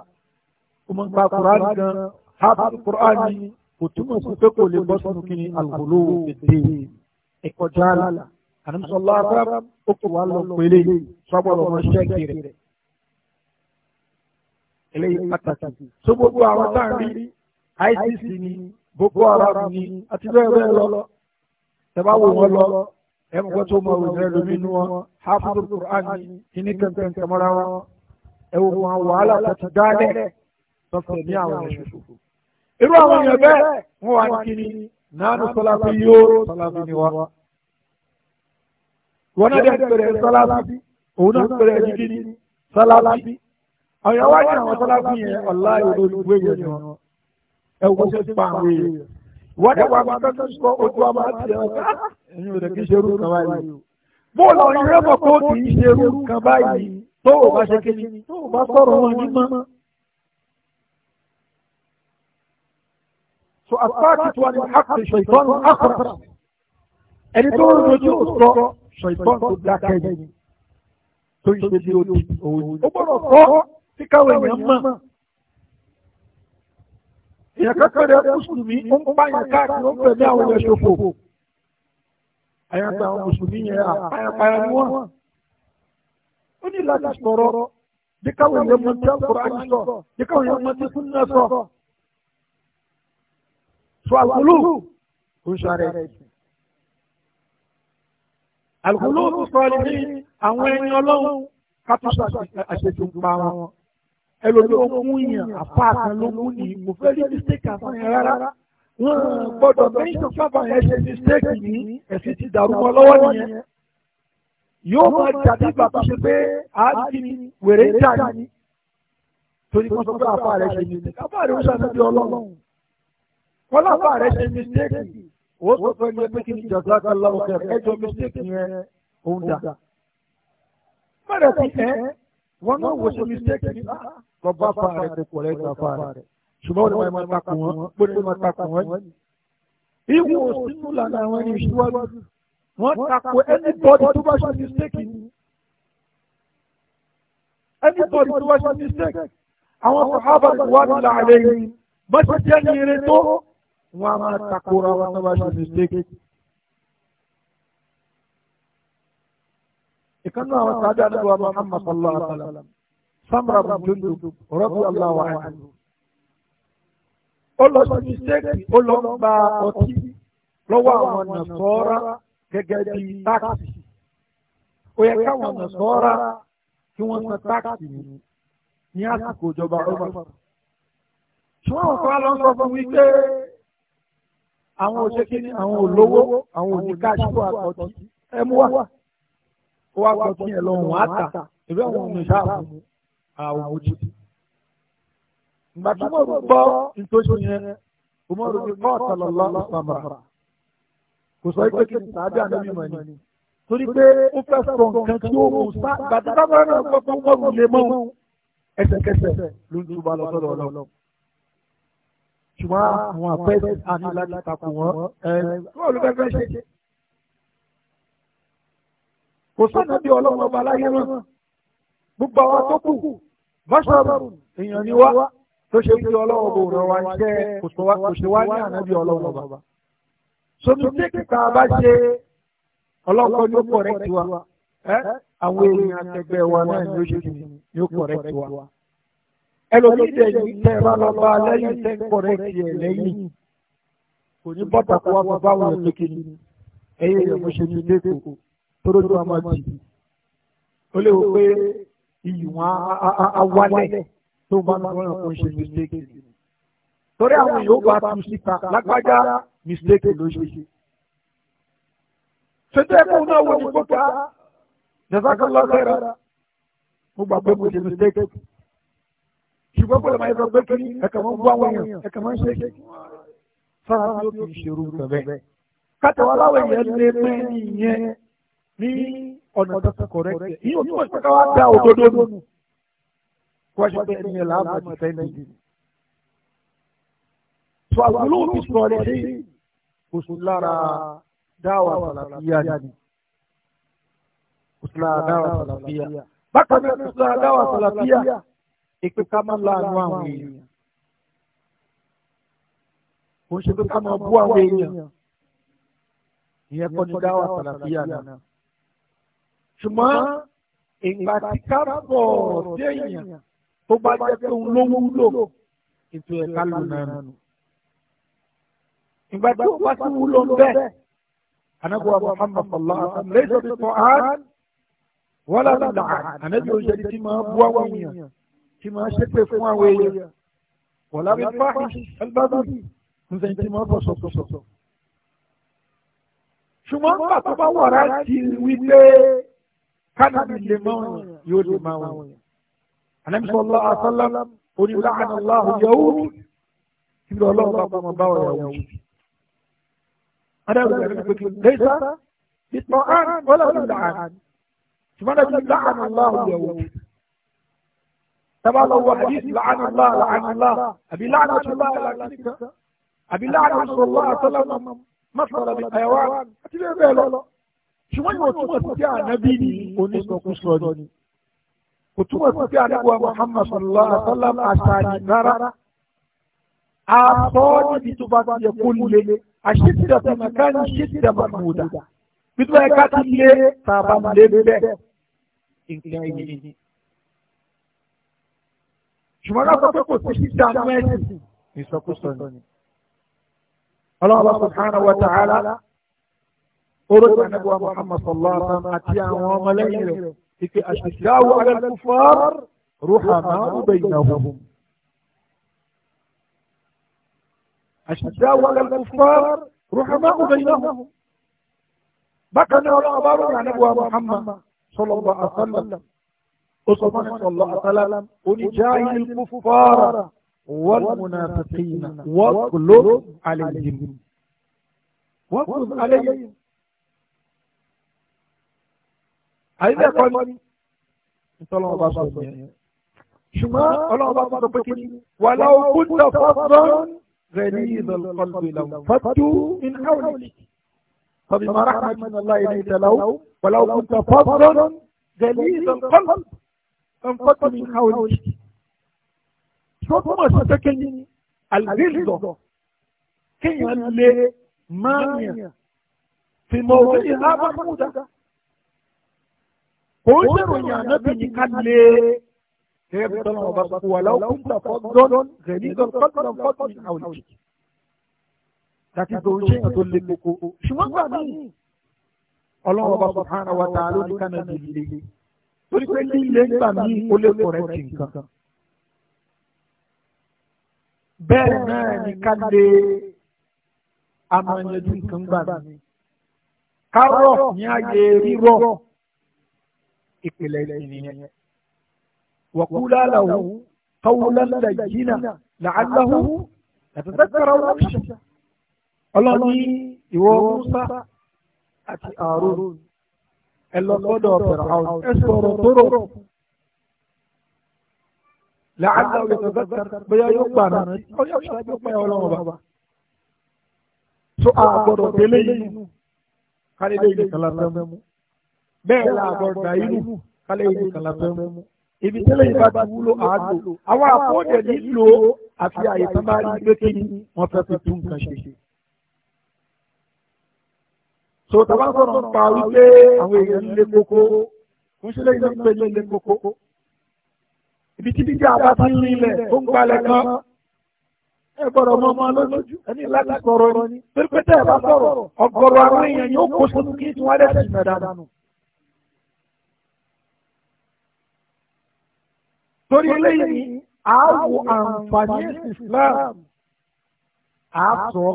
ó mo ń gba kuraani gan hábàbí kuraani kò túmọ̀ sí pé kò lè bọ́ sínú kí ni àlùkòló èdè ìkọjá àlà àdàmùsọ̀lá rárá ó kò wá lọ pélé sọ́gbọ́dọ̀ wọn ṣẹ́ẹ̀kì rẹ̀ eléyìí pàtàkì. so àwọn tá ń rí ISIS ni Boko Haram ni àti bẹ́ẹ̀ bẹ́ẹ̀ lọ tẹ́bá wò wọ́n lọ ẹ̀ ń gbọ́ tó mọ òṣèré lómi inú wọn hafidu Quran ni kíní kẹ̀kẹ́ kẹmọ́ra wọn ẹ̀ wò wọn wàhálà tó ti dálẹ̀ tọ́kẹ̀ ní àwọn ẹ̀ṣọ́ ṣòfò. irú àwọn èèyàn bẹ́ẹ̀ wọ́n wà ní nánú sọlábí yóò sọlábí ni wa. wọn náà dẹ́ pẹ̀rẹ̀ sọlábí òun náà pẹ̀rẹ̀ ní kíní sọlábí. àwọn yàrá wáyé àwọn sọlábí yẹn ọ̀la ìròyìn ìwé yẹn ni wọn ẹ̀wọ́n ṣe ti pa àwọn èèyàn. wọ́n dẹ̀ wà á bá tó sọ ojú ọmọ àti ẹ̀ka ẹ̀yin ò lè kí ṣerú kan báyìí. bóòlù ọ̀rọ̀ rẹ̀ mọ̀ kó kì í ṣerú kan báyìí tó o bá ṣe kíni tó o bá sọ̀rọ̀ wọn ní mọ́. so àpáàkì tí wọn ní àpè ṣètọ́nù àkọ́rọ̀ ẹni tó ń rojú òsọ ṣètọ́nù tó dákẹ́ yìí tó ń ṣe bí ó òun. ó gbọ́dọ̀ sọ síkáwé yẹn mọ́ èèyàn kan péré mùsùlùmí ó ń pààyàn káàkiri ó ń pẹ̀lú àwọn ilẹ̀ ṣòfò àyàgbà àwọn mùsùlùmí yẹn àpáyàpáyà ni wọ́n ó ní láti sọ̀rọ̀ bí káwọn èèyàn mọ tí Al-Qur'an sọ bí káwọn èèyàn mọ tí Sunnah sọ tó àlùkùlù kò ń sáré àlùkùlù sọ̀rọ̀ ní àwọn ẹni ọlọ́run ká tó sọ àṣetò pa wọn ẹlòmí ó mú yàn àpá kan ló mú ní mo fẹ́ rí mistake àfọ̀n yẹn rárá wọ́n gbọ́dọ̀ mẹ́yìn fáfà yẹn ṣe mistake ní ẹ̀sìn ti dàrú mọ́ lọ́wọ́ nìyẹn yóò máa jàdí bàbá ṣe pé àájì wèrè ń jà ní torí wọ́n sọ pé àfà rẹ̀ ṣe mistake àfà rẹ̀ ń ṣàtúndì ọlọ́run wọ́n láfà rẹ̀ ṣe mistake ó sọ fẹ́ ní pé kí ni jàdá kan lọ́wọ́ kẹ ẹjọ́ mistake yẹn òun dà. mọ̀rẹ̀ ti ẹ́ wọ́n náà wò ṣe mistake ní lọ bá fa rẹ kò kọ̀rẹ́ gba fa rẹ ṣùgbọ́n wọn máa ta wọn pé wọn máa ta kù wọn. ìwọ sínú lànà àwọn ẹni ìṣíwájú wọn takò anybody tó bá ṣe mistake ni anybody tó bá ṣe mistake àwọn sàhábà wà ní làálẹ̀ yìí bá ní eré tó wọn a máa takora wọn tó bá ṣe mistake. ìkànnì àwọn sàhábà àdúgbò wa Muhammad sallallahu alaihi wa sallam samra bin jundub radiyallahu anhu. ó lọ sí mistake ó lọ gba ọtí lọ́wọ́ àwọn nàṣọ́ra gẹ́gẹ́ bí táàkì. ó yẹ káwọn nàṣọ́ra kí wọ́n san táàkì ní ní àsìkò ìjọba ọmọ. ṣùgbọ́n àwọn kan lọ sọ fún mi pé àwọn òṣèké ní àwọn olówó àwọn oníkàṣíkò àtọ̀tí ẹ mú wá. ó wá gbọ́ yẹn lọ wọ́n á àwọn ọmọ ìṣáà mi. àwọn ojú. Ìgbà tí Umaru gbọ́ ụmụọrụ yẹn, Umaru ní kọ́ ọ̀tọ̀lọ́lọ́ sàmàrà. Kò sọ pé kí ni sàájú ànábì mọ̀ ni. Torí pé ó fẹ́ sọ nǹkan tí ó mú sá. Ìgbà tí lọ Ṣùgbọ́n àwọn àpẹẹrẹ àti fẹ́ ṣe. Kò sọ́nà bí ọlọ́run ọba náà. gbogbo àwọn tó kù mọ́ṣọ́rù èèyàn ni wá tó ṣe fi ọlọ́wọ́ bò ràn wá iṣẹ́ kò ṣe wá ní ànábì ọlọ́wọ́ bàbá. sọmi tẹ́kìtà bá ṣe ọlọ́kọ́ ní ó correct wa àwọn èèyàn àtẹgbẹ́ wa náà ni ó ṣe kì ní ó correct wa. ẹlòmíì tẹ yìí tẹ bá lọ bá lẹ́yìn tẹ́ correct ẹ̀ lẹ́yìn kò ní bọ́tà kó wá bàbá wọn kékeré iyì wọn á wálẹ̀ tó bá ń gbọ́ràn fún ṣe mistake ni. torí àwọn yòówù bá tu síta lágbájá mistake ló ṣe. ṣètò ẹ̀kọ́ náà wọ ní gbọ́dọ̀ jazakallah khaira mo gbà pé mo ṣe mistake. ṣùgbọ́n pẹ̀lú máa yẹ gbẹ́ kiri ẹ̀ka máa ń bú àwọn èèyàn ẹ̀ka máa ṣe é. sára ló fi ṣerú bẹ̀bẹ̀. kátàwá láwọn èèyàn lé pẹ́ nìyẹn ní ọ̀nà tó kọ̀rẹ́tì ní òtún ọ̀sẹ̀ káwá dá òdodo nù kó ṣe pé ẹni ẹ̀là àmọ̀ ti fẹ́ẹ́ nìyí. sọ àgbélò òbí sọ rẹ̀ dé oṣù lára dáwà sàlàfíà ni oṣù lára dáwà sàlàfíà. bákan náà oṣù lára dáwà sàlàfíà èpè ká máa ń láàánú àwọn èèyàn. kò ń ṣe pé ká máa bú àwọn èèyàn. ìyẹn kọ́ ni dáwà sàlàfíà náà ṣùgbọ́n ìgbà tí kábọ̀ sí èèyàn tó bá jẹ́ pé òun ló wúlò ètò ẹ̀ka lò náà nù. ìgbà tí ó bá ti wúlò bẹ́ẹ̀ anabuwa muhammad sallallahu alaihi wa sallam lẹ́sọ̀ bí qur'an wala bí làán anabi òṣèlú tí máa bú àwọn èèyàn tí máa ṣépè fún àwọn èèyàn wala bí fáhìsì albábí nzẹ̀ tí máa bọ̀ sọ̀tọ̀sọ̀tọ̀. ṣùgbọ́n pàtó bá wàrà ti wí pé. كان من لمن يولي معاوية النبي صلى الله عليه وسلم قل لعن الله يهود إن الله ربما ما باوى يهود أنا أقول لك ليس بالطعان ولا باللعان فمن يقول لعن الله يهود تبع له حديث لعن الله لعن الله أبي لعن رسول الله لعن أبي لعن رسول الله صلى الله عليه وسلم مصر بالحيوان أتبع له ṣùgbọ́n yóò túmọ̀ sí pé ànábì ni onísọkúsọ ni kò túmọ̀ sí pé ànábì wa Muhammad sallallahu alaihi wa sallam àṣàlì rárá àtọ́ níbi tó bá ti yẹ kó lé àṣìṣirà tó máa ká ní ṣìṣirà máa mú dà bí tó ká ti lé tàbá lé bẹ́ẹ̀ nǹkan yìí ni. pé kò sí ṣíṣe àmọ́ ẹ̀sìn ìsọkúsọ ni. Allah subhanahu wa ta'ala oró tí anabi wa muhammad sallallahu alaihi wa sallam àti àwọn ọmọlẹ́yìn rẹ̀ ìpè àṣìṣàwò alẹ́kùfọ́r ruhama ubaynahum. àṣìṣàwò alẹ́kùfọ́r ruhama ubaynahum. bákan náà ọlọ́run bá rọrùn anabi wa muhammad sallallahu alaihi wa sallam. Osman sallallahu alaihi wa sallam oníjáyé kúfọ́rọ̀. والمنافقين واغلظ عليهم واغلظ عليهم ay nga kon solo ba ba shuma ala ba ba ba ki wala kunta fadran ghaliz al qalb lam fatu فبما رحمة من الله إليك له ولو كنت فظا غليظ القلب انفضت من حولك ما ستكني الغلظة كي يملي مانع في موضعها محمودة kò ń ṣèròyìn ànábì ní ká lé gẹ́gẹ́ bí tọ́lá ọba sọ wà láwọn kún tà fọ́ dọ́n gẹ̀ẹ́dì kan fọ́tàn fọ́tàn àwọn ìjì. Dàtí tó ń ṣe èèyàn subhanahu wa ta'ala ló ní ká náà lè le. Torí pé líle gbà mí ó lè kọ̀rẹ́ ti nǹkan. Bẹ́ẹ̀ náà ni ká lè amọ̀nyẹ́dù nǹkan gbà mí. Kárọ̀ ní ààyè rírọ̀ ìpìlẹ̀ ìnìyẹn. wàkúlá làwù kawulá làyínà làálàhù àtàtàkàrà ọlọ́pàá. ọlọ́ni ìwọ musa àti àrùn ẹ lọ sọ́dọ̀ fẹ̀rẹ̀ ẹ sọ̀rọ̀ tóró làálàhù àtàtàkàrà bóyá yóò gbà náà ọyọ́ ìṣàjọ́ pẹ́ ọlọ́run bá. so a gbọ́dọ̀ délé yìí kálí lè yí kàlá fẹ́ bẹ́ẹ̀ la àgbọ̀dà irú kálẹ̀ irú kàlà fẹ́ mú. ibi tẹ́lẹ̀ yìí bá ti wúlò àádó àwọn àpòdè nílò àfi àyè tó bá rí pé kí wọ́n fẹ́ fi tún nǹkan ṣe. so tàbá sọ̀rọ̀ ń pa wípé àwọn èèyàn ń lé koko kò ń ṣe lẹ́yìn náà ń pè ní lé koko. ibi tí bíjà bá ti ń rinlẹ̀ tó ń gbalẹ̀ kan ẹ gbọ́dọ̀ mọ ọmọ lójú ẹni láti sọ̀rọ̀ ni pé pé tẹ́ ẹ bá sọ̀rọ̀ ọ̀gọ̀rọ̀ àwọn èèyàn yóò kó sínú kí torí eléyìí àáwò àǹfààní Islam àásọ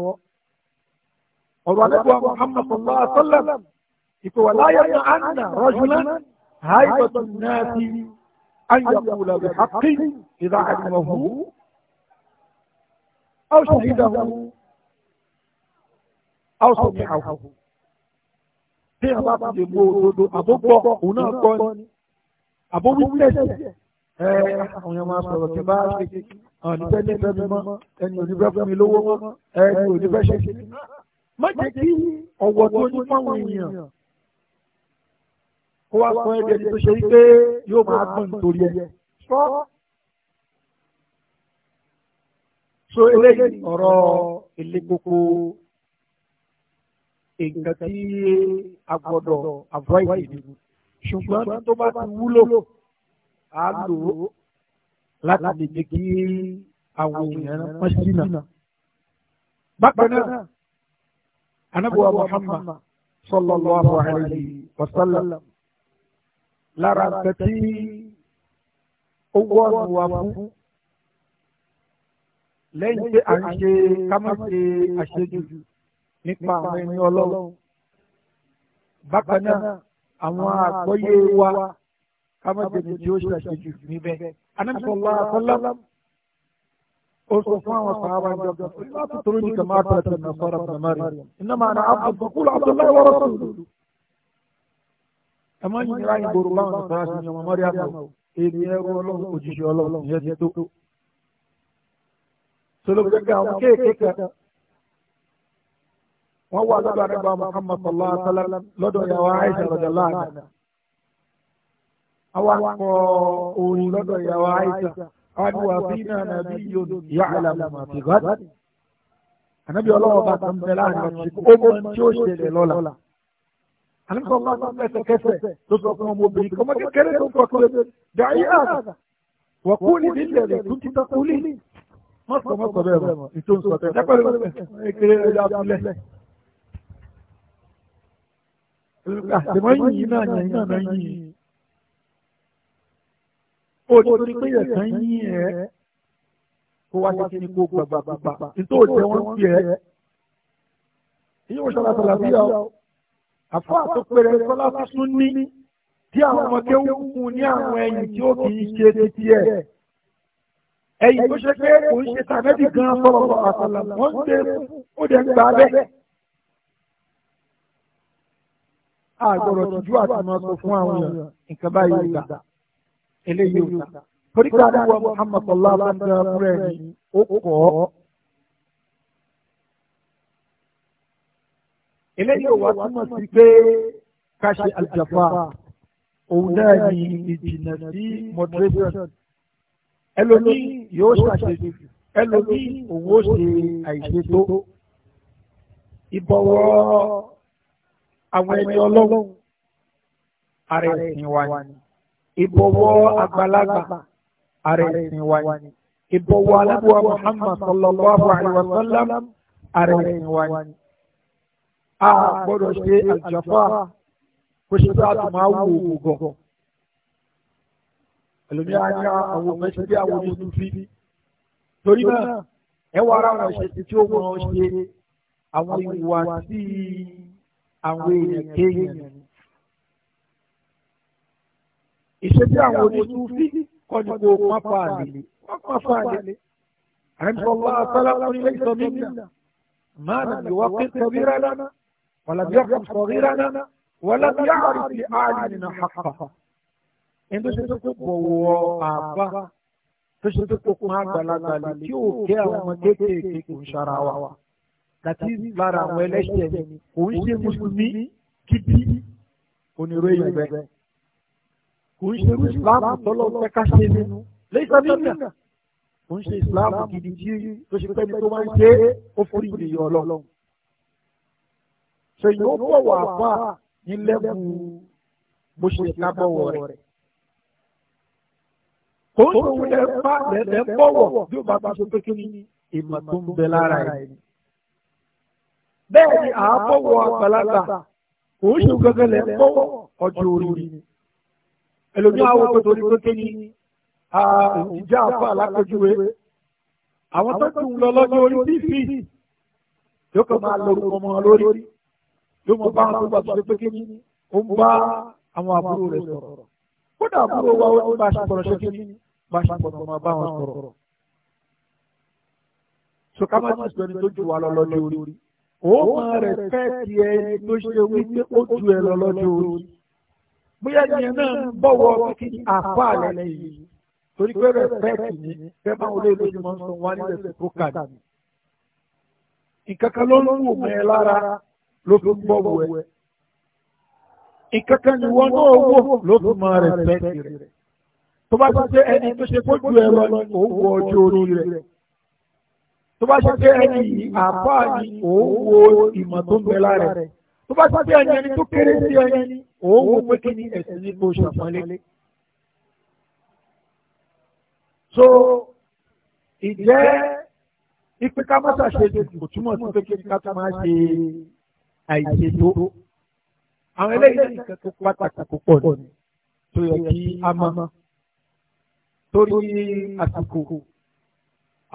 ọ̀rọ̀ àdébọ̀ Muhammad sallallahu alaihi wa sallam ìpè wà láyé ní anna rajulan haibatu nasi an bi haqqi idha alimahu aw shahidahu aw sami'ahu tí a bá ti lè mú òdodo àbúgbọ̀ òun náà gbọ́ ni àbúwí tẹ̀sẹ̀ ẹ àwọn èèyàn máa sọ̀rọ̀ kí bá ṣe àwọn onífẹ́ ní ìfẹ́ mi mọ́ ẹni onífẹ́ fún mi lówó mọ́ ẹni onífẹ́ ṣe kí. má jẹ́ kí ọ̀wọ̀ tó ní fáwọn èèyàn kó wá fún ẹgbẹ́ tó ṣe wípé yóò máa gbọ́n nítorí ẹ. so eléyìí ọ̀rọ̀ ilé gbogbo nǹkan tí a gbọ́dọ̀ avoid ṣùgbọ́n tó bá ti wúlò á lò ó láti lè jẹ́ kí àwọn èèyàn pọ́n sí náà. bákan náà anábùwà Muhammad sallallahu alayhi wa sallam lára nǹkan tí ó wọ́n wà fún lẹ́yìn pé à ń ṣe ká àṣejù nípa àwọn ẹni ọlọ́run bákan náà àwọn àgbọ́yé wa amọ̀jẹ̀ni tí ó ṣàṣejù níbẹ̀. anábìsọ̀lá akọ́lá ó sọ fún àwọn sàábà ń jọba láti tó lóyún kàmá àtàtà nà sọ́ra pàmárì iná máa na abdulbakul abdullahi wa rasuluhu. ẹ má yin ra ìgboro láwọn nàfàrà sí ni ọmọ mọ́ríà èmi ẹrú ọlọ́run òjìṣẹ́ ọlọ́run yẹn ti tó. sọlọ́gbẹ́gbẹ́ àwọn kéèkéèké wọ́n wà lọ́dọ̀ àdébà muhammad sallallahu alaihi lọ́dọ̀ yàrá awakọ̀ orin lọ́dọ̀ ìyàwó àìsà àwọn àfihàn náà nàbí yóò yá àlàmù àti gàdí. ànábì ọlọ́wọ́ bá tó ń bẹ láàrin ọ̀sìn ó mọ tí ó ṣẹlẹ̀ lọ́la. ànábì ọlọ́wọ́ bá tó tó sọ fún ọmọbìnrin ọmọ kékeré tó ń kọ pé dàí àgà wọ̀kúlì nílẹ̀ tó ti tọ́kúlì. mọ́sọ̀ mọ́sọ̀ bẹ́ẹ̀ mọ̀ ètò ìsọ̀tẹ̀ dẹ́pẹ̀lẹ́ ó torí pé ẹ̀sán yín ẹ̀ kó wá sí ní kó gbàgbàgbà nítorí òjẹ́ wọn fi ẹ̀ èyí wọ́n ṣọlá ṣọlá bí ọ àfáà tó pèrè ṣọlá tuntun ní tí àwọn ọmọ kéwú fún ní àwọn ẹ̀yìn tí ó kì í ṣe títí ẹ̀ ẹ̀yìn tó ṣe pé kò ń ṣe tàbẹ́bì gan sọ̀rọ̀ àṣàlà wọ́n ń ṣe ó dẹ̀ ń gbà bẹ́ẹ̀. àgbọ̀rọ̀ tìjú àti mọ́ sọ fún àwọn èèyàn nǹkan gbà eléyìí ò ká torí ká ló wọ Muhammad sallallahu alaihi wa sallam rẹ̀ ni ó kọ́ ọ́. eléyìí ò wá túmọ̀ sí pé ká ṣe àjàfà òun náà ni ìjìnà sí moderation ẹlòmíì yóò ṣàṣejù ẹlòmíì òun ó ṣe àìṣètò ìbọ̀wọ̀ àwọn ẹni ọlọ́run ara ẹ̀sìn wa ni ìbọ̀wọ́ àgbàlagbà ààrẹ ìsìn wa ni ìbọ̀wọ́ alábùwà Muhammad sallallahu alayhi wa sallam ààrẹ ìsìn wa ni. a gbọ́dọ̀ ṣe àjọfà kó ṣe bá tó máa wù ú gọ̀. ẹlòmíràn ní ah, àwọn ọmọ ẹṣẹ bí àwọn ojú fi torí náà ẹ wá ara wọn ṣe tí ó mọ ṣe àwọn ìwà sí àwọn èèyàn kéèyàn ìṣẹ́jú àwọn oníṣúfí kọ́ni kò pápá àlè pápá àlè àìsọ̀lá sálámù ilé ìsọ̀mí nìyà máa nà ní wọ́n pín sọ̀rí rárá wọ́n làbí ọkọ̀ sọ̀rí rárá wọ́n làbí àárín sí àárín nà hàkà. ẹni tó ṣe tó pọ̀ wọ àbá tó ṣe tó kó pọ̀ àgbàlagbà lè tí ò kẹ́ àwọn kéékèèké kò ṣara wa. Dàtí lára àwọn ẹlẹ́ṣẹ̀ kò ń ṣe mùsùlùmí kìdí oníròyìn bẹ́ẹ̀ kò ń ṣe ìsìláàmù tọ́lọ́ fẹ́ ká ṣe nínú lẹ́yìn tẹ́lẹ̀ kò ń ṣe ìsìláàmù gidi tí tó ṣe pẹ́ni tó máa ń ṣe ó forí ìdìyàn ọlọ́run ṣe yóò bọ̀wọ̀ àbá ní lẹ́kùn bó ṣe ká bọ̀wọ̀ rẹ̀ kò ń ṣe òun ẹ̀fà lẹ́lẹ́ bọ̀wọ̀ bí ó bá bá ṣe pé kí ni ìmọ̀ tó ń bẹ lára ẹ̀ ẹlòmí àwọn kò torí pé kí ìjà àfa alákojúwe àwọn tó tún lọ lọ́jọ́ orí bíbí yóò kàn máa lọ orúkọ ọmọ lórí yóò mọ bá wọn tó gbà tó pé kí ó ń bá àwọn àbúrò rẹ̀ sọ̀rọ̀ kódà àbúrò wa ó bá aṣàkọ̀rọ̀ ṣe kí bá aṣàkọ̀rọ̀ máa bá wọn sọ̀rọ̀. sọ̀ká má ti sọ ẹni tó ju wa lọ lọ́jọ́ orí ó máa rẹ̀ fẹ́ẹ̀ tiẹ̀ tó ṣe wípé ó ju ẹ lọ lọ́jọ́ orí bóyá ìyẹn náà bọ̀wọ̀ kí àpá àlẹ́ yìí torí pé rẹpẹtì ni fẹ́ bá wọlé lójúmọ́ sọ wá nílẹ̀ sèprókà ni. ìkankan ló ń wò mọ́ ẹ lára ló fi ń ẹ. ìkankan ni wọn náà wò ló fi mọ rẹpẹtì rẹ. tó bá ti ṣe ẹni tó ṣe kójú ẹ lọ ni òun wọ ọjọ́ orí rẹ. tó bá ṣe ṣe ẹni yìí àpá ni òun wo ìmọ̀ tó ń bẹ lára rẹ tó bá ti pé ẹni ẹni tó kéré sí ẹni òun wò pé kí ni ẹ̀sìn ní kò ṣàpọ́nlé. so ìjẹ́ ipe ká má ṣàṣejù kò túmọ̀ sí pé kí ni ká tó máa ṣe àìṣètò àwọn eléyìí ní nǹkan tó pàtàkì púpọ̀ ni tó yẹ kí a mọ̀ torí àsìkò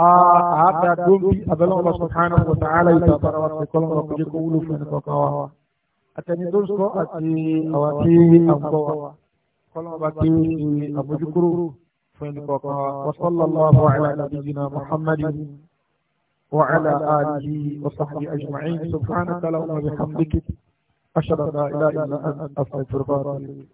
àádá dóńbí abẹ́lẹ́ ọlọ́sọ̀kánà ọ̀tá aláìsàbára wa ṣe kọ́lọ́mọ̀ kọjá kó wúlò fún ẹnì kọ̀ọ̀kan wa àtẹni tó ń sọ àti àwa tí a ń gbọ́ wa kọ́lọ́mọba tí àbójúkúrò fún ẹni kọ̀ọ̀kan wa wasallallahu ala nabiyyina muhammadin wa ala alihi wa sahbihi ajma'in subhanaka allahumma bihamdika ashhadu an la ilaha illa anta astaghfiruka wa atubu ilayk